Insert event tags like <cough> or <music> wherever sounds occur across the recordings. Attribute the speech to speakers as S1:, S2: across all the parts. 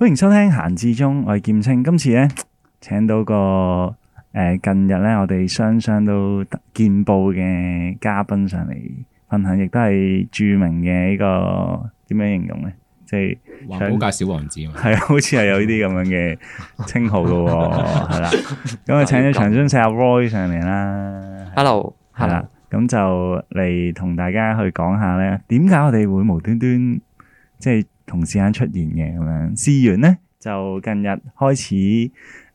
S1: 歡迎收聽閒至中，我係劍青。今次咧，請到個誒近日咧，我哋雙雙都見報嘅嘉賓上嚟，分享亦都係著名嘅呢個點樣形容咧？即係《環保界小王子》嘛，係啊，好似係有啲咁樣嘅稱號噶喎，係啦。咁我請咗長春社阿 Roy 上嚟啦。Hello，係啦。咁就嚟同大家去講下咧，點解我哋會無端端即係？同時間出現嘅咁樣，事源呢，就近日開始，誒、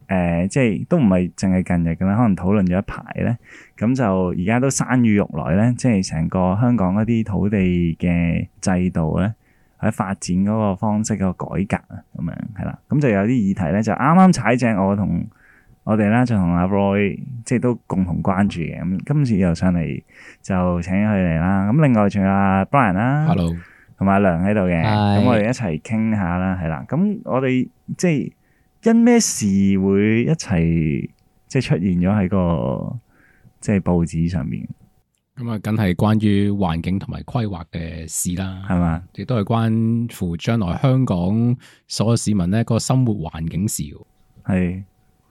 S1: 呃、即係都唔係淨係近日嘅啦，可能討論咗一排咧，咁就而家都山雨欲來咧，即係成個香港一啲土地嘅制度咧，喺發展嗰個方式個改革啊，咁樣係啦，咁就有啲議題咧就啱啱踩正我同我哋啦，就同阿 Roy 即係都共同關注嘅，咁今次又上嚟就請佢嚟啦。咁另外仲有阿、啊、Brian 啦、啊、，Hello。同埋涼喺度嘅，咁我哋一齊傾下啦，係啦。咁我哋即係因咩事會一齊即係出現咗喺個即係報紙上面？
S2: 咁啊，梗係關於環境同埋規劃嘅事啦，係嘛？亦都係關乎將來香港所有市民咧個生活環境事。
S1: 係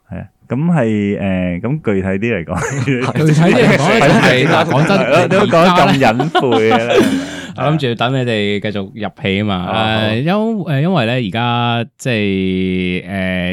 S1: 係啊，咁係誒，咁具體啲嚟講，
S2: 具體啲嚟講咧，講真，都講得咁隱晦嘅。我諗住等你哋繼續入戲啊嘛，誒、啊啊呃，因誒因為咧而家即係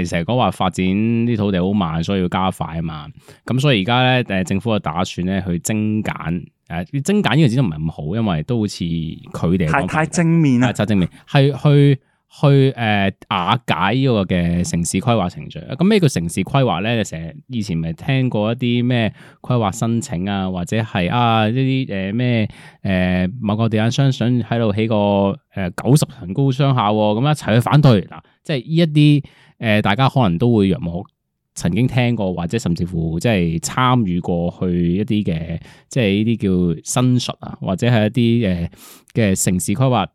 S2: 誒成日講話發展啲土地好慢，所以要加快啊嘛，咁所以而家咧誒政府就打算咧去精簡，誒、呃，精簡呢個字都唔係咁好，因為都好似佢哋係太正面啊，太，太正面係去。去誒、呃、瓦解呢個嘅城市規劃程序。咁呢個城市規劃咧，成日以前咪聽過一啲咩規劃申請啊，或者係啊呢啲誒咩誒某個地產商想喺度起個誒九十層高商廈，啊，咁、嗯、一齊去反對嗱。即係呢一啲誒、呃，大家可能都會有冇曾經聽過，或者甚至乎即係參與過去一啲嘅，即係呢啲叫申述啊，或者係一啲誒嘅城市規劃。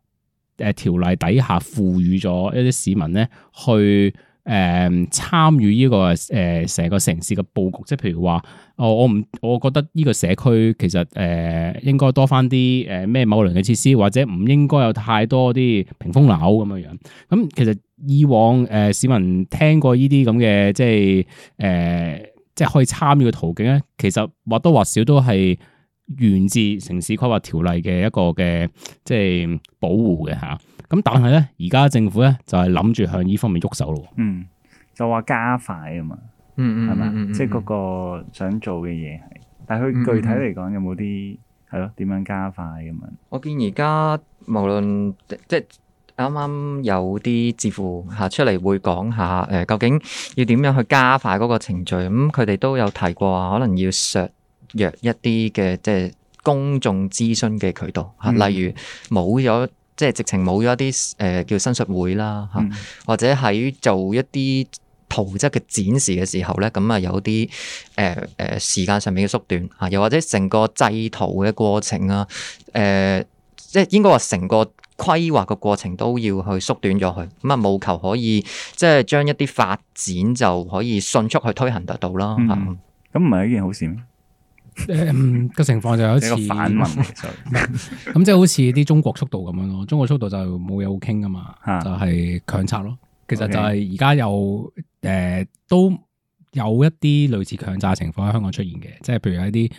S2: 誒，條例底下賦予咗一啲市民咧，去、呃、誒參與呢、這個誒成、呃、個城市嘅佈局，即係譬如話、哦，我我唔，我覺得呢個社區其實誒、呃、應該多翻啲誒咩某類嘅設施，或者唔應該有太多啲屏風樓咁樣樣。咁、嗯、其實以往誒、呃、市民聽過呢啲咁嘅，即係誒、呃、即係可以參與嘅途徑咧，其實或多或少都係。源自城市規劃條例嘅一個嘅即係保護嘅吓，咁但係咧，而家政府咧就係諗住向呢方面喐手咯。嗯，
S1: 就話加快啊嘛，嗯
S3: 嗯，係嘛，即係嗰
S1: 個想做嘅嘢係，但係佢具體嚟講有冇啲係咯？點樣加快咁樣？
S3: 我見而家無論即係啱啱有啲智庫吓出嚟會講下，誒，究竟要點樣去加快嗰個程序？咁佢哋都有提過啊，可能要削弱一啲嘅即係公眾諮詢嘅渠道，吓、嗯、例如冇咗即係直情冇咗一啲誒、呃、叫申述會啦，吓、啊嗯、或者喺做一啲圖則嘅展示嘅時候咧，咁啊有啲誒誒時間上面嘅縮短，吓、啊、又或者成個製圖嘅過程啊，誒、呃、即係應該話成個規劃嘅過程都要去縮短咗去，咁啊務求可以即係將一啲發展就可以迅速去推行得到啦，吓咁唔係一件好事咩？
S1: 誒，呃這
S2: 個情況就有一次反問咁，即係 <laughs> <laughs> 好似啲中國速度咁樣咯。中國速度就冇嘢好傾㗎嘛， <laughs> 就係強拆咯。其實就係而家有，誒、呃、都有一啲類似強拆情況喺香港出現嘅，即係譬如有一啲。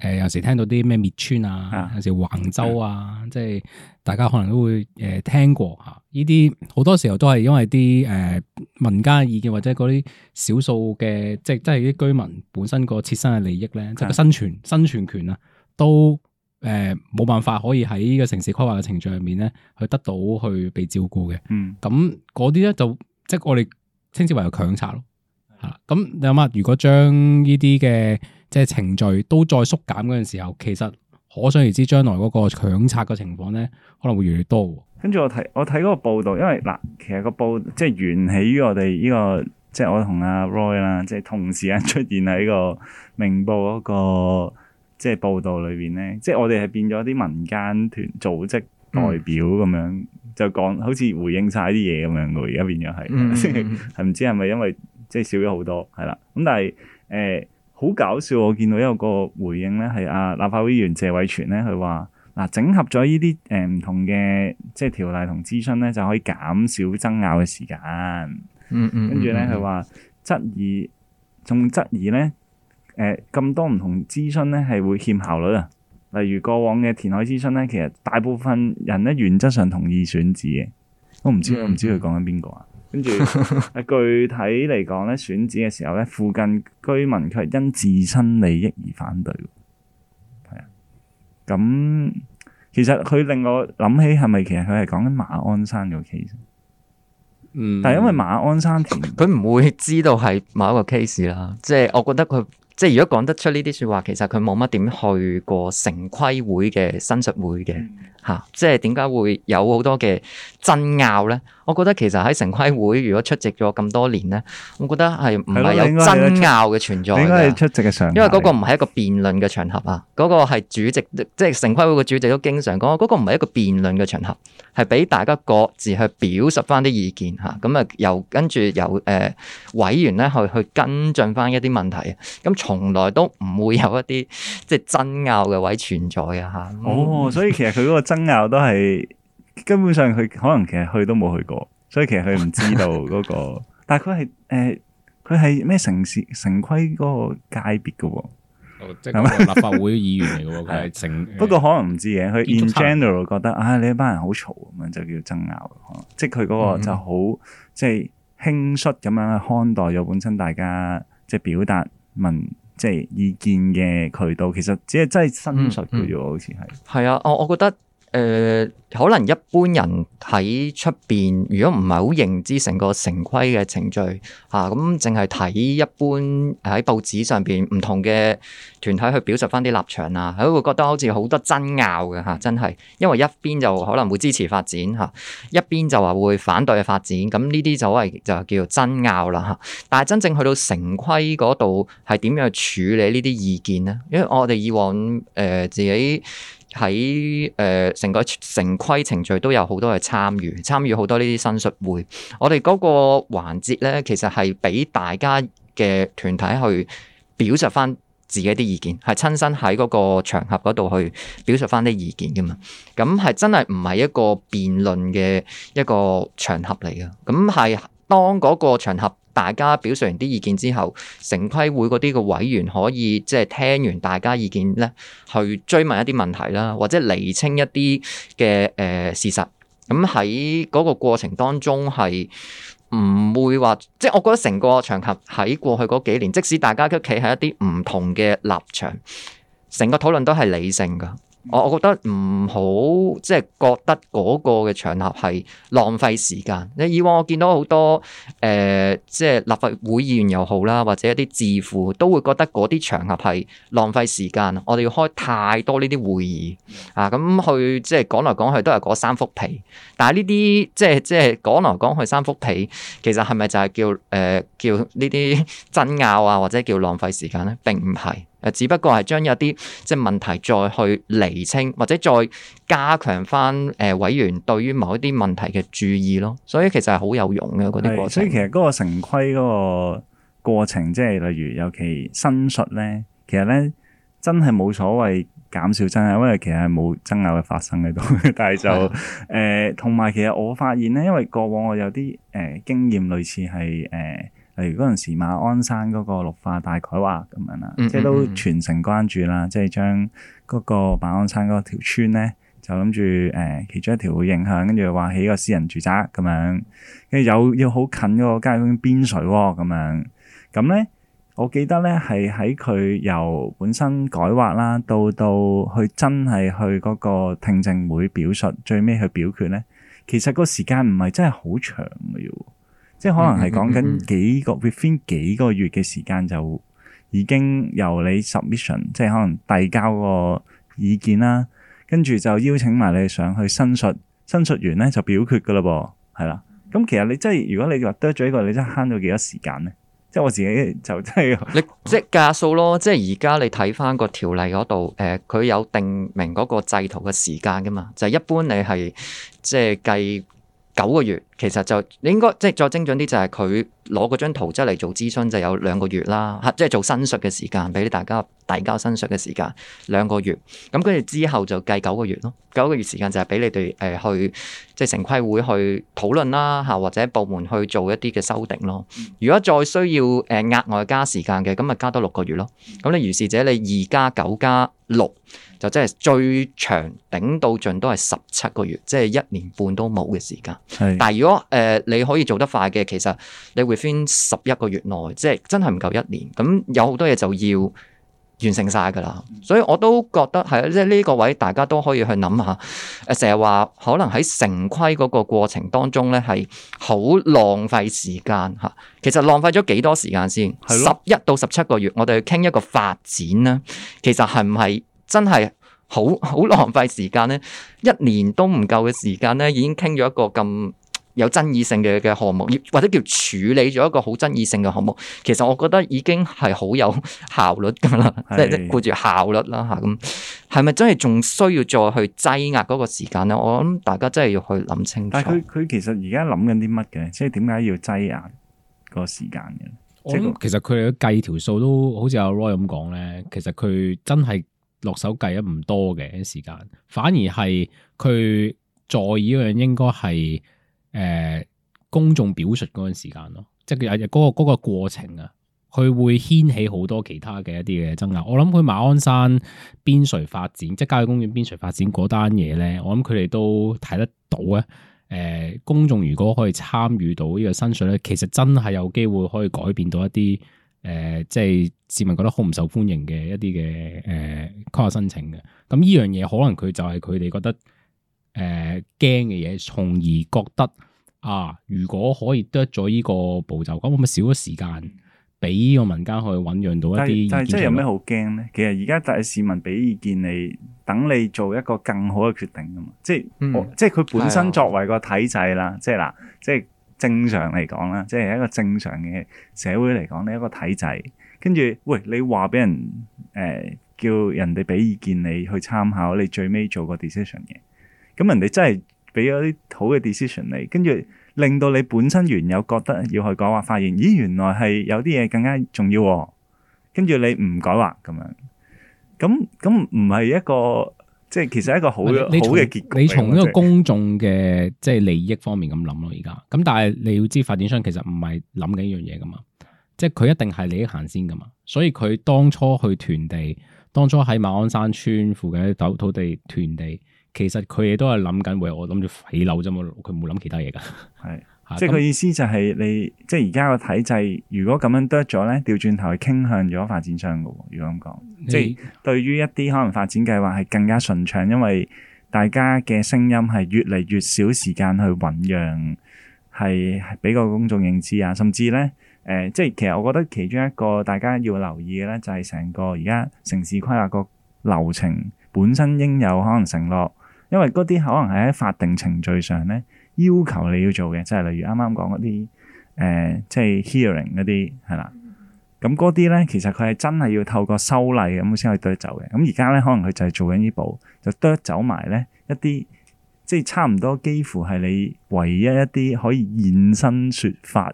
S2: 誒，有、呃、時聽到啲咩滅村啊，啊有時橫州啊，的即係大家可能都會誒、呃、聽過吓，呢啲好多時候都係因為啲誒、呃、民間意見或者嗰啲少數嘅即係即係啲居民本身個切身嘅利益咧，即係的生存生存權啊，都誒冇、呃、辦法可以喺呢個城市規劃嘅程序入面咧去得到去被照顧嘅。嗯，咁嗰啲咧就即係我哋稱之為強拆咯。吓。的，咁你諗下，如果將呢啲嘅。即係程序都再縮減嗰陣時候，其實可想而知，將來嗰個強拆嘅情況咧，可能會越嚟越多。
S1: 跟住我睇我睇嗰個報道，因為嗱，其實個報即係源起於我哋呢、這個，即係我同阿 Roy 啦，即係同時間出現喺個明報嗰、那個即係報道裏邊咧，即係我哋係變咗啲民間團組織代表咁樣，嗯、就講好似回應晒啲嘢咁樣嘅，而家變咗係，係唔、嗯嗯嗯、 <laughs> 知係咪因為即係少咗好多，係啦，咁但係誒。呃好搞笑，我見到一個回應咧，係啊立法會議員謝偉銓咧，佢話嗱整合咗呢啲誒唔同嘅即係條例同諮詢咧，就可以減少爭拗嘅時間。嗯嗯。嗯跟住咧，佢話、嗯嗯、質疑，仲質疑咧誒咁多唔同諮詢咧係會欠效率啊。例如過往嘅填海諮詢咧，其實大部分人咧原則上同意選址嘅。嗯嗯、我唔知，唔知佢講緊邊個啊？跟住， <laughs> 具體嚟講咧，選址嘅時候咧，附近居民卻因自身利益而反對，咁其實佢令我諗起係咪其實佢係講緊馬鞍山個 case？嗯、但
S3: 係因為馬鞍山佢唔會知道係某一個 case 啦， <laughs> 即係我覺得佢。即係如果講得出呢啲説話，其實佢冇乜點去過城規會嘅申述會嘅嚇、嗯啊，即係點解會有好多嘅爭拗呢？我覺得其實喺城規會，如果出席咗咁多年呢，我覺得係唔係有爭拗嘅存在？
S1: 出席嘅場，因為嗰個唔係
S3: 一個辯論嘅場合啊，嗰、嗰個係主席，即係城規會嘅主席都經常講，嗰、嗰個唔係一個辯論嘅場合。係俾大家各自去表述翻啲意見嚇，咁啊又跟住由誒委員咧去去跟進翻一啲問題，咁從來都唔會有一啲即係爭拗嘅位存在嘅嚇。嗯、哦，所以其實
S1: 佢嗰個爭拗都係根本上佢可能其實去都冇去過，所以其實佢唔知道嗰、嗰個， <laughs> 但係佢係誒佢係咩城市城規嗰個界別嘅喎。 <noise> 立法會議員嚟嘅，佢係成不過可能唔知嘅，佢 in general 覺得啊，你呢班人好嘈咁樣就叫爭拗，即係佢嗰個就好即係輕率咁樣去看待有本身大家即係表達文即係、就是、意見嘅渠道，其實只、就、係、是就是、真係新出嘅啫，好似
S3: 係係啊，我我覺得。誒、呃、可能一般人喺出邊，如果唔係好認知個成個城規嘅程序嚇，咁淨係睇一般喺報紙上邊唔同嘅團體去表述翻啲立場啊，佢會覺得好似好多爭拗嘅嚇，真係，因為一邊就可能會支持發展嚇、啊，一邊就話會反對嘅發展，咁呢啲就係就叫做爭拗啦嚇。但係真正去到城規嗰度係點樣處理呢啲意見呢？因為我哋以往誒、呃、自己。喺誒、呃、成個城規程序都有好多嘅參與，參與好多呢啲申述會，我哋嗰個環節咧，其實係俾大家嘅團體去表述翻自己啲意見，係親身喺嗰個場合嗰度去表述翻啲意見噶嘛。咁係真係唔係一個辯論嘅一個場合嚟嘅，咁係當嗰個場合，大家表述完啲意見之後，城規會嗰啲嘅委員可以即係聽完大家意見咧，去追問一啲問題啦，或者厘清一啲嘅誒事實，咁喺嗰個過程當中係唔會話，即係我覺得成個場合喺過去嗰幾年，即使大家都企喺一啲唔同嘅立場，成個討論都係理性噶。我我覺得唔好即係覺得嗰個嘅場合係浪費時間。你以往我見到好多誒、呃，即係立法會議員又好啦，或者一啲智庫都會覺得嗰啲場合係浪費時間。我哋要開太多呢啲會議啊，咁去即係講來講去都係嗰三幅被。但係呢啲即係即係講來講去三幅被，其實係咪就係叫誒、呃、叫呢啲爭拗啊，或者叫浪費時間咧？並唔係。誒，只不過係將有啲即係問題再去釐清，或者再加強翻誒、呃、委員對於某一啲問題嘅注意咯。所以其實係好有用嘅嗰啲過程。所
S1: 以其實嗰個城規嗰個過程，即係例如尤其申述咧，其實咧真係冇所謂減少爭拗，因為其實係冇爭拗嘅發生喺度。但係就誒，同埋的、呃、其實我發現咧，因為過往我有啲誒、呃、經驗，類似係誒。呃.例如嗰陣時，馬鞍山嗰個綠化大改劃咁樣啦，即係都全城關注啦。即係將嗰個馬鞍山嗰條村咧，就諗住誒其中一條會影響，跟住話起個私人住宅咁樣。跟住有要好近嗰個街坊邊水喎，咁樣。咁咧，我記得咧係喺佢由本身改劃啦，到到佢去真係去嗰個聽證會表述，最尾去表決咧，其實個時間唔係真係好長嘅要。即係可能係講緊幾個 <laughs> within 幾個月嘅時間就已經由你 submission，即係可能遞交個意見啦，跟住就邀請埋你上去申述，申述完咧就表決噶啦噃，係啦。咁其實你即係如果你話得咗一個，你真係慳咗幾多時間咧？即
S3: 係我自己就真你 <laughs> 即係你即係計數咯。即係而家你睇翻個條例嗰度，誒、呃，佢有定明嗰個製圖嘅時間噶嘛？就係、一般你係即係計。九個月，其實就你應該即係再精準啲，就係佢。攞嗰張圖出嚟做諮詢就有兩個月啦，吓，即係做申述嘅時間俾啲大家遞交申述嘅時間兩個月，咁跟住之後就計九個月咯，九個月時間就係俾你哋誒、呃、去即係城規會去討論啦，吓，或者部門去做一啲嘅修訂咯。如果再需要誒、呃、額外加時間嘅，咁咪加多六個月咯。咁你如是者你二加九加六就即係最長頂到盡都係十七個月，即係一年半都冇嘅時間，係是，但係如果誒、呃、你可以做得快嘅，其實你會。先十一個月內，即係真係唔夠一年。咁有好多嘢就要完成晒噶啦，所以我都覺得係，即係呢個位大家都可以去諗下。誒，成日話可能喺成規嗰個過程當中咧，係好浪費時間吓。其實浪費咗幾多時間先？係十一到十七個月，我哋去傾一個發展咧，其實係唔係真係好好浪費時間咧？一年都唔夠嘅時間咧，已經傾咗一個咁有爭議性嘅嘅項目，或者叫處理咗一個好爭議性嘅項目，其實我覺得已經係好有效率㗎喇，即係顧住效率啦吓。咁係咪真係仲需要再去擠壓嗰個時間咧？我諗大家真係要去諗清楚。但係
S1: 佢其實而家諗緊啲乜嘅？即係點解要擠壓個時間嘅？我諗，其實佢計條數都好似阿 Roy 咁講咧，其實佢真係落手
S2: 計咗唔多嘅時間，反而係佢在意嗰樣應該係。誒、呃、公眾表述嗰陣時間咯，即係嗰、那個嗰、那個、過程啊，佢會掀起好多其他嘅一啲嘅爭拗。我諗佢馬鞍山邊陲發展，即係郊野公園邊陲發展嗰單嘢咧，我諗佢哋都睇得到咧。誒、呃，公眾如果可以參與到呢個申請咧，其實真係有機會可以改變到一啲誒、呃，即係市民覺得好唔受歡迎嘅一啲嘅誒規劃申請嘅。咁呢樣嘢可能佢就係佢哋覺得誒驚嘅嘢，從、呃、而覺得。啊！如果可以得咗依個步驟，咁我咪少咗時間俾個民間去醖釀到一啲。但係即係有咩好
S1: 驚咧？其實而家帶市民俾意見你，等你做一個更好嘅決定噶嘛。即係、嗯哦嗯、即係佢本身作為個體制啦。即係嗱，即係正常嚟講啦，即係一個正常嘅社會嚟講，你一個體制，跟住、哎、呦喂，你話俾人誒、呃、叫人哋俾意見你去參考，你最尾做個 decision 嘅。咁人哋真係俾咗啲好嘅 decision 你，跟住。令到你本身原有覺得要去改劃，發現咦原來係有啲嘢更加重要喎。跟住你唔改劃咁樣，咁咁唔係一個即係其實一個好嘅好嘅結局。你從呢個公
S2: 眾嘅即係利益方面咁諗咯，而家咁但係你要知發展商其實唔係諗緊呢樣嘢㗎嘛，即係佢一定係利益行先㗎嘛。所以佢當初去囤地，當初喺馬鞍山村附近嘅土土地囤地。其實佢哋都係諗緊，喂，我諗住起樓啫嘛，佢
S1: 冇諗其他嘢噶。係， <laughs> 即係佢意思就係你，即係而家個體制如，如果咁樣得咗咧，調轉頭係傾向咗發展商噶。如果咁講，即係對於一啲可能發展計劃係更加順暢，因為大家嘅聲音係越嚟越少時間去醞釀，係俾個公眾認知啊，甚至咧，誒、呃，即係其實我覺得其中一個大家要留意嘅咧，就係成個而家城市規劃個流程本身應有可能承諾。因為嗰啲可能係喺法定程序上咧要求你要做嘅，即係例如啱啱講嗰啲誒，即係 hearing 嗰啲係啦。咁嗰啲咧，其實佢係真係要透過修例咁先可以得走嘅。咁而家咧，可能佢就係做緊呢步，就得走埋咧一啲，即係差唔多幾乎係你唯一一啲可以現身說法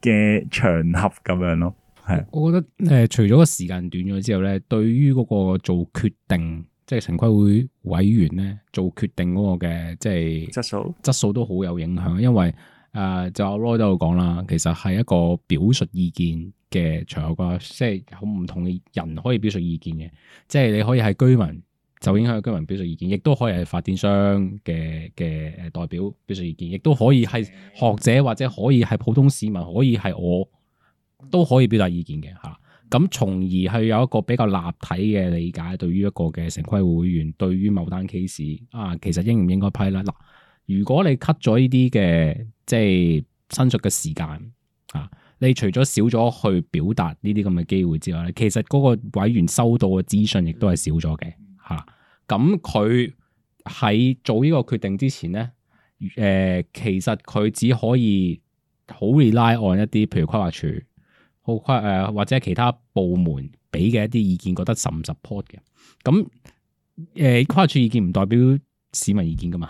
S1: 嘅場合咁樣咯。係，我覺得誒、呃，除咗個時間短咗之後咧，對於嗰個做決
S2: 定，即係城規會委員咧做決定嗰個嘅，即係質素，質素都好有影響。因為誒、呃，就阿 Roy 都有講啦,其實係一個表述意見嘅場合，即係好唔同嘅人可以表述意見嘅。即係你可以係居民，就影響居民表述意見；亦都可以係發展商嘅嘅代表表述意見；亦都可以係學者或者可以係普通市民，可以係我，都可以表達意見嘅吓。咁，從而係有一個比較立體嘅理解，對於一個嘅城規委員，對於某單 case 啊，其實應唔應該批咧？嗱、啊，如果你 cut 咗呢啲嘅即係申述嘅時間啊，你除咗少咗去表達呢啲咁嘅機會之外咧，其實嗰個委員收到嘅資訊亦都係少咗嘅嚇。咁佢喺做呢個決定之前咧，誒、呃，其實佢只可以好 rely on 一啲，譬如規劃署。好跨，誒或者其他部門俾嘅一啲意見，覺得 support 嘅，咁誒、呃、跨處意見唔代表市民意見噶嘛？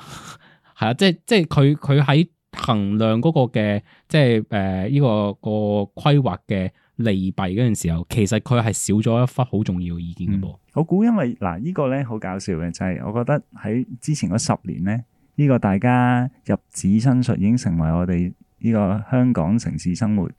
S2: 係 <laughs> 啊，即即係佢佢喺衡量嗰個嘅即係誒呢個個規劃嘅
S1: 利弊嗰陣時候，其實佢係少咗一忽好重要嘅意見嘅噃、嗯。我估因為嗱呢、這個咧好搞笑嘅就係、是，我覺得喺之前嗰十年咧，呢、這個大家入紙申述已經成為我哋呢個香港城市生活。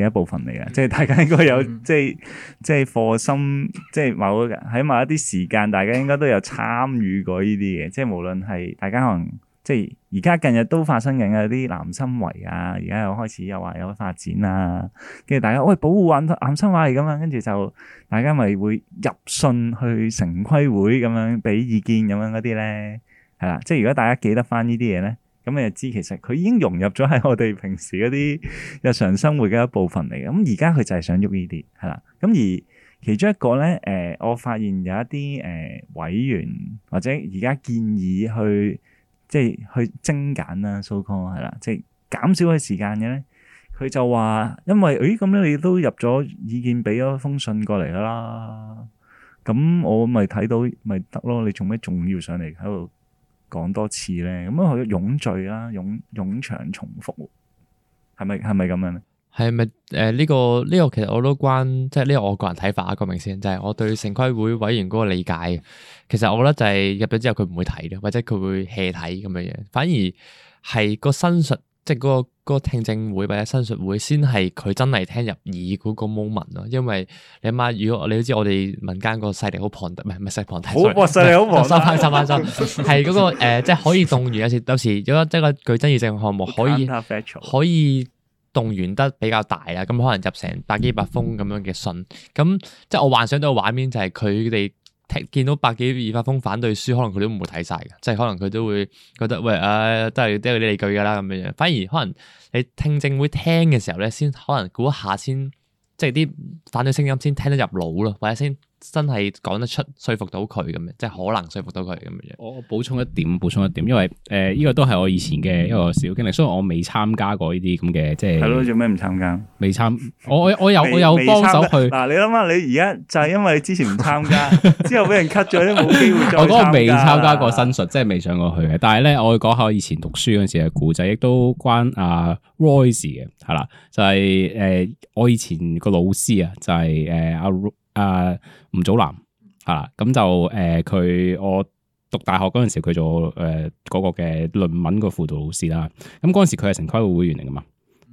S1: 嘅一部分嚟噶，即係大家應該有，即係即係課心，即係某喺某一啲時間，大家應該都有參與過呢啲嘢。即係無論係大家可能，即係而家近日都發生緊嘅啲南生圍啊，而家又開始又話有發展啊，跟住大家喂保護雲南生圍咁樣，跟住、啊、就大家咪會入信去城規會咁樣俾意見咁樣嗰啲咧，係啦。即係如果大家記得翻呢啲嘢咧。咁你就知，其實佢已經融入咗喺我哋平時嗰啲日常生活嘅一部分嚟嘅。咁而家佢就係想喐呢啲，係啦。咁而其中一個咧，誒、呃，我發現有一啲誒、呃、委員或者而家建議去即係去精簡啦，so call 係啦，即係減少佢時間嘅咧。佢就話：因為誒咁樣，你都入咗意見，俾咗封信過嚟啦。咁我咪睇到咪得咯？你做咩仲要上嚟喺度？講多次咧，咁啊，去冗贅啦，冗冗長重複，係咪係咪咁樣
S2: 咧？係咪誒？呢、呃這個呢、這個其實我都關，即係呢個我個人睇法啊，講明先，就係、是、我對城規會委員嗰個理解。其實我覺得就係、是、入咗之後佢唔會睇嘅，或者佢會 hea 睇咁嘅嘢，反而係個新述。即係嗰個嗰個聽證會或者申述會，先係佢真係聽入耳嗰個 moment 咯。因為你阿媽，如果你都知我哋民間個勢力好龐大，唔係唔係勢力好龐大，好龐大。收翻收翻收翻。係嗰、 <laughs> 嗰個誒，即、呃、係、就是、可以動員時 <laughs> 有時有時如果即係、就是、個具爭議性嘅項目，可以可以動員得比較大啊。咁可能入成百幾百封咁樣嘅信。咁即係我幻想到個畫面就係佢哋。睇見到百幾二百封反對書，可能佢都唔會睇晒嘅，即係可能佢都會覺得喂，唉、呃，都係都有啲理據㗎啦咁樣樣。反而可能你聽證會聽嘅時候咧，先可能估一下先，即係啲反對聲音先聽得入腦咯，或者先。真係講得出，說服到佢咁樣，即係可能說服到佢咁嘅嘢。我補充一點，補充一點，因為誒，呢、呃這個都係我以前嘅一個小經歷，所以我未參加過呢啲咁嘅，即係係咯。做咩唔參加？未參？我有
S1: 我有我有幫手去。嗱，你諗下，你而家就係因為之前唔參加， <laughs> 之後俾人 cut 咗，都冇機
S2: 會。我嗰個未參加過申述，即係未上過去嘅。但係咧，我講下我以前讀書嗰時嘅古仔，亦都關阿 Roy 嘅係啦，就係、是、誒、呃，我以前個老師啊，就係誒阿。呃就是呃就是呃誒，吳、呃、祖南吓，咁就誒，佢、呃、我讀大學嗰陣時，佢做誒嗰、呃那個嘅論文個輔導老師啦。咁嗰陣時佢係城規會會員嚟噶嘛，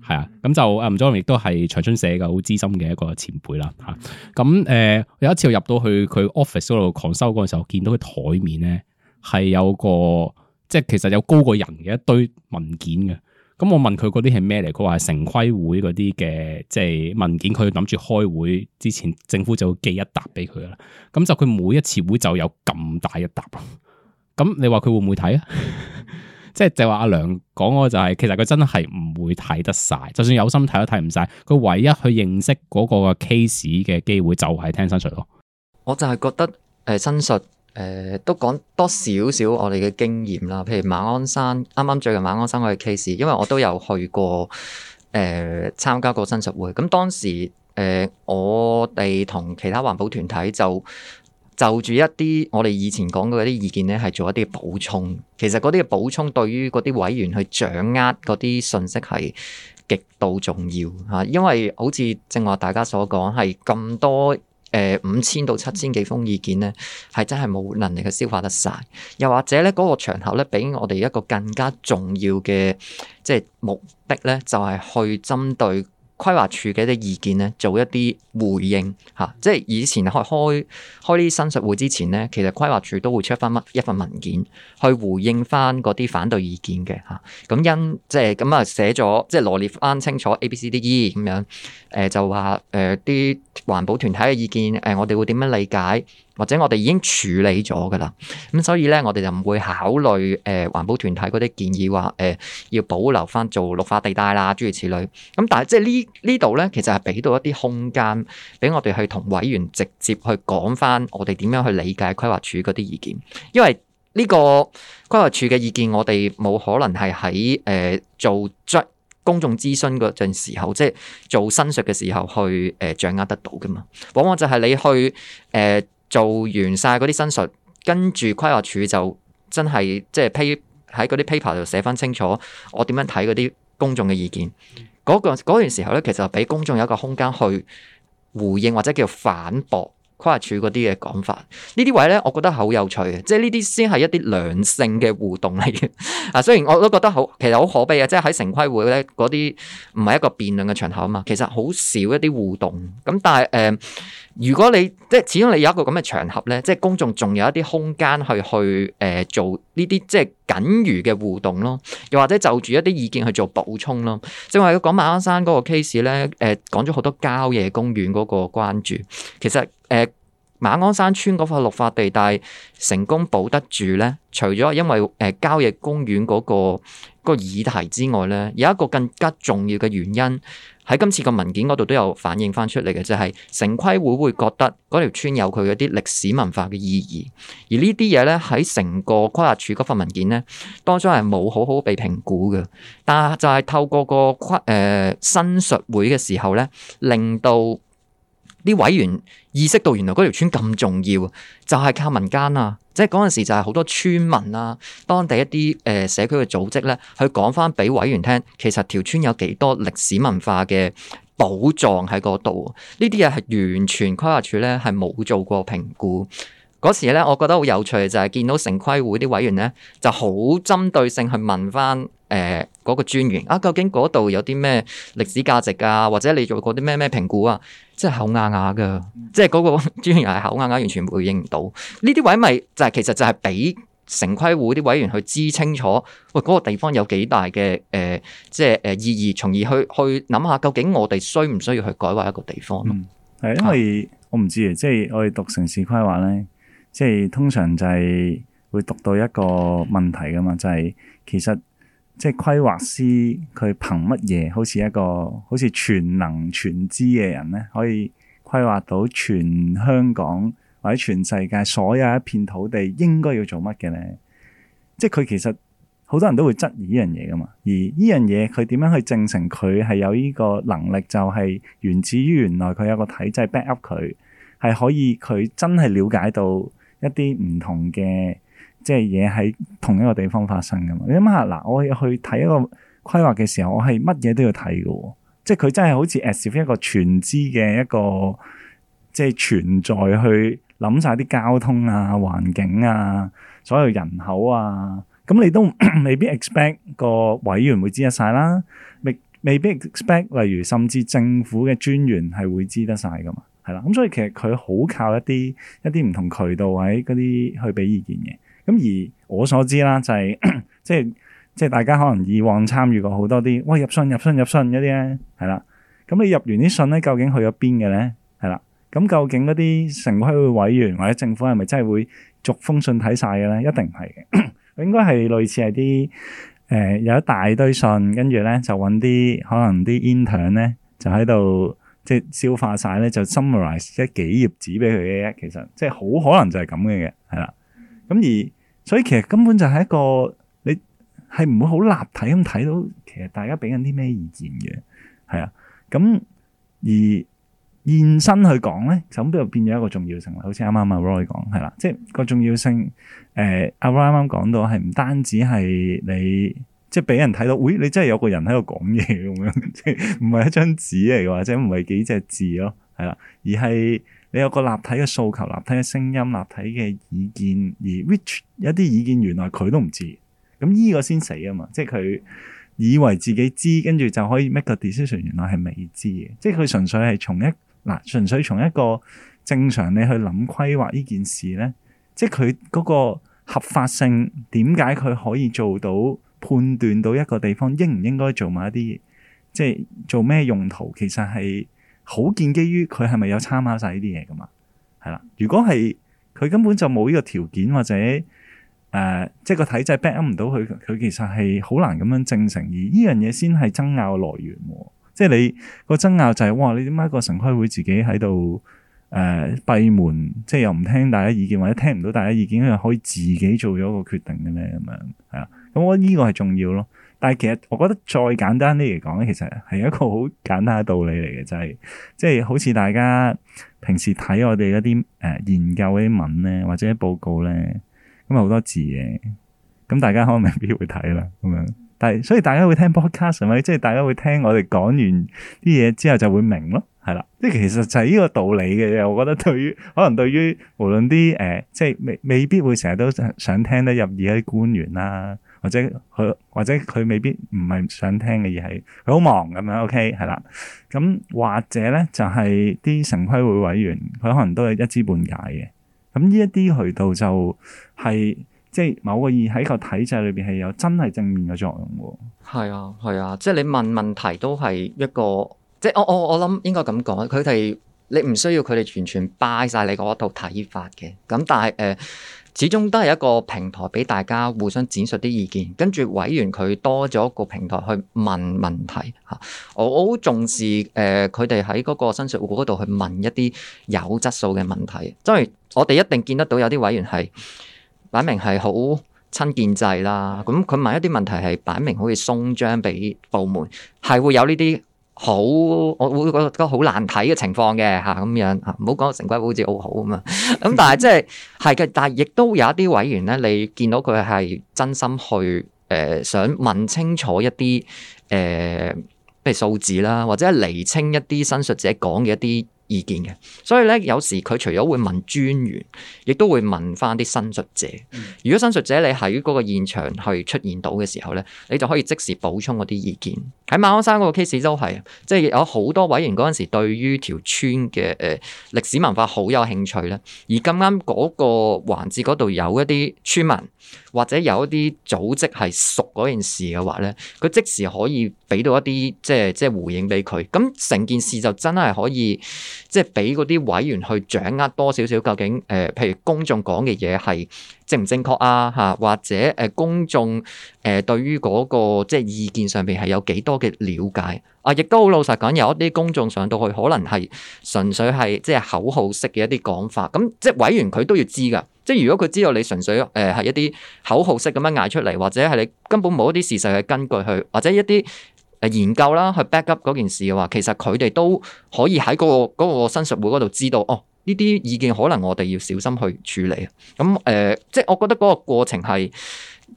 S2: 係啊。咁就誒，吳、呃、祖南亦都係長春社嘅好資深嘅一個前輩啦吓。咁誒、嗯呃，有一次我入到去佢 office 嗰度 consult 嗰陣時候，見到佢台面咧係有個即係其實有高過人嘅一堆文件嘅。咁我問佢嗰啲係咩嚟？佢話係城規會嗰啲嘅，即、就、係、是、文件。佢諗住開會之前，政府就會寄一沓俾佢啦。咁就佢每一次會就有咁大一沓咯。咁 <laughs> 你話佢會唔會睇啊？即 <laughs> 係 <laughs> 就話阿梁講嗰就係、是，其實佢真係唔會睇得晒。就算有心睇都睇唔晒。佢唯一去認識嗰個嘅 case 嘅機會就係聽新述咯。
S3: 我就係覺得誒、呃，新述。誒、呃、都講多少少我哋嘅經驗啦，譬如馬鞍山，啱啱最近馬鞍山嘅 case，因為我都有去過，誒、呃、參加過申述會。咁當時誒、呃、我哋同其他環保團體就就住一啲我哋以前講過嗰啲意見咧，係做一啲補充。其實嗰啲補充對於嗰啲委員去掌握嗰啲信息係極度重要嚇，因為好似正話大家所講係咁多。誒、呃、五千到七千幾封意見咧，係真係冇能力嘅消化得晒。又或者咧嗰、那個場合咧，俾我哋一個更加重要嘅即係目的咧，就係、是、去針對。規劃處嘅一啲意見咧，做一啲回應吓、啊，即係以前開開開啲申述會之前咧，其實規劃處都會出翻乜一份文件去回應翻嗰啲反對意見嘅吓。咁因即係咁啊，寫咗即係羅列翻清楚 A、B、C、D、E 咁樣，誒、呃、就話誒啲環保團體嘅意見，誒、呃、我哋會點樣理解？或者我哋已經處理咗㗎啦，咁所以咧，我哋就唔會考慮誒、呃、環保團體嗰啲建議話誒、呃、要保留翻做綠化地帶啦諸如此類。咁但係即係呢呢度咧，其實係俾到一啲空間俾我哋去同委員直接去講翻我哋點樣去理解規劃署嗰啲意見，因為呢個規劃署嘅意見我哋冇可能係喺誒做公眾諮詢嗰陣時候，即係做申述嘅時候去誒、呃、掌握得到嘅嘛。往往就係你去誒。呃做完晒嗰啲申述，跟住規劃署就真係即係批喺嗰啲 paper 度寫翻清楚，我點樣睇嗰啲公眾嘅意見。嗰段、嗯嗰個嗰個、時候咧，其實俾公眾有一個空間去回應或者叫反駁規劃,規劃署嗰啲嘅講法。呢啲位咧，我覺得好有趣嘅，即係呢啲先係一啲良性嘅互動嚟嘅。啊，雖然我都覺得好，其實好可悲嘅，即係喺城規會咧嗰啲唔係一個辯論嘅場合啊嘛，其實好少一啲互動。咁但係誒。呃如果你即係，始終你有一個咁嘅場合咧，即係公眾仲有一啲空間去去誒、呃、做呢啲即係僅餘嘅互動咯，又或者就住一啲意見去做補充咯。正話我講馬鞍山嗰個 case 咧、呃，誒講咗好多郊野公園嗰個關注，其實誒、呃、馬鞍山村嗰塊綠化地帶成功保得住咧，除咗因為誒郊野公園嗰、嗰個、嗰個議題之外咧，有一個更加重要嘅原因。喺今次個文件嗰度都有反映翻出嚟嘅，就係、是、城規會會覺得嗰條村有佢嗰啲歷史文化嘅意義，而呢啲嘢咧喺成個規劃署嗰份文件咧，當中係冇好好被評估嘅，但係就係透過個誒、呃、申述會嘅時候咧，令到，啲委員意識到原來嗰條村咁重要，就係、是、靠民間啊，即係嗰陣時就係好多村民啊，當地一啲誒、呃、社區嘅組織咧，去講翻俾委員聽，其實條村有幾多歷史文化嘅寶藏喺嗰度，呢啲嘢係完全規劃處咧係冇做過評估嗰時咧，我覺得好有趣就係見到城規會啲委員咧就好針對性去問翻。誒嗰、呃那個專員啊，究竟嗰度有啲咩歷史價值啊，或者你做過啲咩咩評估啊，嗯、即係口啞啞嘅，即係嗰個專員係口啞啞，完全回應唔到。呢啲位咪就係、是、其實就係俾城規會啲委員去知清楚，喂、呃、嗰、那個地方有幾大嘅誒、呃，即係誒、呃、意義，從而去去諗下究竟我哋需唔需要去改劃一個地方咯。
S1: 嗯、因為我唔知啊，即係我哋讀城市規劃咧，即係通常就係會讀到一個問題嘅嘛，就係、是、其實。即係規劃師，佢憑乜嘢？好似一個好似全能全知嘅人咧，可以規劃到全香港或者全世界所有一片土地應該要做乜嘅咧？即係佢其實好多人都會質疑呢樣嘢㗎嘛。而呢樣嘢佢點樣去證成佢係有呢個能力，就係、是、源自於原來佢有個體制 back up 佢，係可以佢真係了解到一啲唔同嘅。即係嘢喺同一個地方發生噶嘛？你諗下嗱，我去睇一個規劃嘅時候，我係乜嘢都要睇噶喎。即係佢真係好似 at 一個全知嘅一個即係存在去諗晒啲交通啊、環境啊、所有人口啊。咁你都 <coughs> 未必 expect 個委員會知得晒啦，未未必 expect 例如甚至政府嘅專員係會知得晒噶嘛？係啦，咁所以其實佢好靠一啲一啲唔同渠道喺嗰啲去俾意見嘅。咁而我所知啦，就係、是、 <coughs> 即係即係大家可能以往參與過好多啲，喂入信入信入信嗰啲咧，係啦。咁你入完啲信咧，究竟去咗邊嘅咧？係啦。咁究竟嗰啲城規會委員或者政府係咪真係會逐封信睇晒嘅咧？一定係嘅， <coughs> 應該係類似係啲誒有一大堆信，跟住咧就揾啲可能啲 intern 咧就喺度即係消化晒咧，就、就是、就 summarise 一幾頁紙俾佢嘅啫。其實即係好可能就係咁嘅嘅，係啦。咁而所以其實根本就係一個你係唔會好立體咁睇到其實大家俾緊啲咩意見嘅，係啊。咁而現身去講咧，咁都又變咗一個重要性。好似啱啱阿 Roy 講係啦，即係個重要性。誒、呃，阿 Roy 啱啱講到係唔單止係你即係俾人睇到，喂、哎，你真係有個人喺度講嘢咁樣，即係唔係一張紙嚟嘅，或者唔係幾隻字咯，係啦，而係。你有個立體嘅訴求、立體嘅聲音、立體嘅意見，而 which 一啲意見原來佢都唔知，咁呢個先死啊嘛！即係佢以為自己知，跟住就可以 make 個 decision，原來係未知嘅。即係佢純粹係從一嗱，純粹從一個正常你去諗規劃呢件事咧，即係佢嗰個合法性點解佢可以做到判斷到一個地方應唔應該做某一啲嘢？即係做咩用途，其實係。好建基於佢係咪有參考晒呢啲嘢㗎嘛？係啦，如果係佢根本就冇呢個條件或者誒、呃，即係個體制 back up 唔到佢，佢其實係好難咁樣證成，而呢樣嘢先係爭拗嘅來源喎。即係你個爭拗就係、是、哇，你點解個城規會自己喺度？誒閉門即係又唔聽大家意見，或者聽唔到大家意見，佢可以自己做咗個決定嘅咧咁樣，係啊。咁我覺得呢個係重要咯。但係其實我覺得再簡單啲嚟講咧，其實係一個好簡單嘅道理嚟嘅，就係即係好似大家平時睇我哋一啲誒、呃、研究嗰啲文咧，或者報告咧，咁係好多字嘅，咁大家可能未必會睇啦咁樣。但係所以大家會聽 podcast 咩？即係大家會聽我哋講完啲嘢之後就會明咯。係啦，即係其實就係呢個道理嘅啫。我覺得對於可能對於無論啲誒、呃，即係未未必會成日都想想聽得入耳一啲官員啦、啊，或者佢或者佢未必唔係想聽嘅嘢，係佢好忙咁樣，OK 係啦。咁或者咧就係啲城規會委員，佢可能都係一知半解嘅。咁呢一啲渠道就係、是、即係某個意義喺個體制裏邊係有真係正面嘅作用。
S3: 係啊係啊，即係你問問題都係一個。即我我我諗應該咁講，佢哋你唔需要佢哋完全 buy 晒你嗰一套睇法嘅。咁但係誒、呃，始終都係一個平台俾大家互相展述啲意見。跟住委員佢多咗個平台去問問題吓。我好重視誒，佢哋喺嗰個申述會嗰度去問一啲有質素嘅問題。即係我哋一定見得到有啲委員係擺明係好親建制啦。咁佢問一啲問題係擺明好似鬆章俾部門，係會有呢啲。好，我會覺得好難睇嘅情況嘅嚇咁樣嚇，唔、啊、好講成規好似好好啊嘛，咁但係即係係嘅，但係亦、就是、 <laughs> 都有一啲委員咧，你見到佢係真心去誒、呃、想問清楚一啲誒、呃，譬如數字啦，或者係釐清一啲申述者講嘅一啲意見嘅，所以咧有時佢除咗會問專員，亦都會問翻啲申述者。如果申述者你喺嗰個現場去出現到嘅時候咧，你就可以即時補充嗰啲意見。喺馬鞍山嗰個 case 都係，即係有好多委員嗰陣時對於條村嘅誒歷史文化好有興趣咧。而咁啱嗰個環節嗰度有一啲村民或者有一啲組織係熟嗰件事嘅話咧，佢即時可以。俾到一啲即係即係回應俾佢，咁成件事就真係可以即係俾嗰啲委員去掌握多少少究竟誒、呃，譬如公眾講嘅嘢係正唔正確啊？嚇，或者誒公眾誒、呃、對於嗰、嗰個即係意見上邊係有幾多嘅了解啊？亦都好老實講，有一啲公眾上到去可能係純粹係即係口號式嘅一啲講法，咁即係委員佢都要知噶。即係如果佢知道你純粹誒係一啲口號式咁樣嗌出嚟，或者係你根本冇一啲事實嘅根據去，或者一啲。研究啦，去 back up 嗰件事嘅話，其實佢哋都可以喺嗰、那個嗰、那個申述會嗰度知道哦，呢啲意見可能我哋要小心去處理。咁誒、呃，即係我覺得嗰個過程係，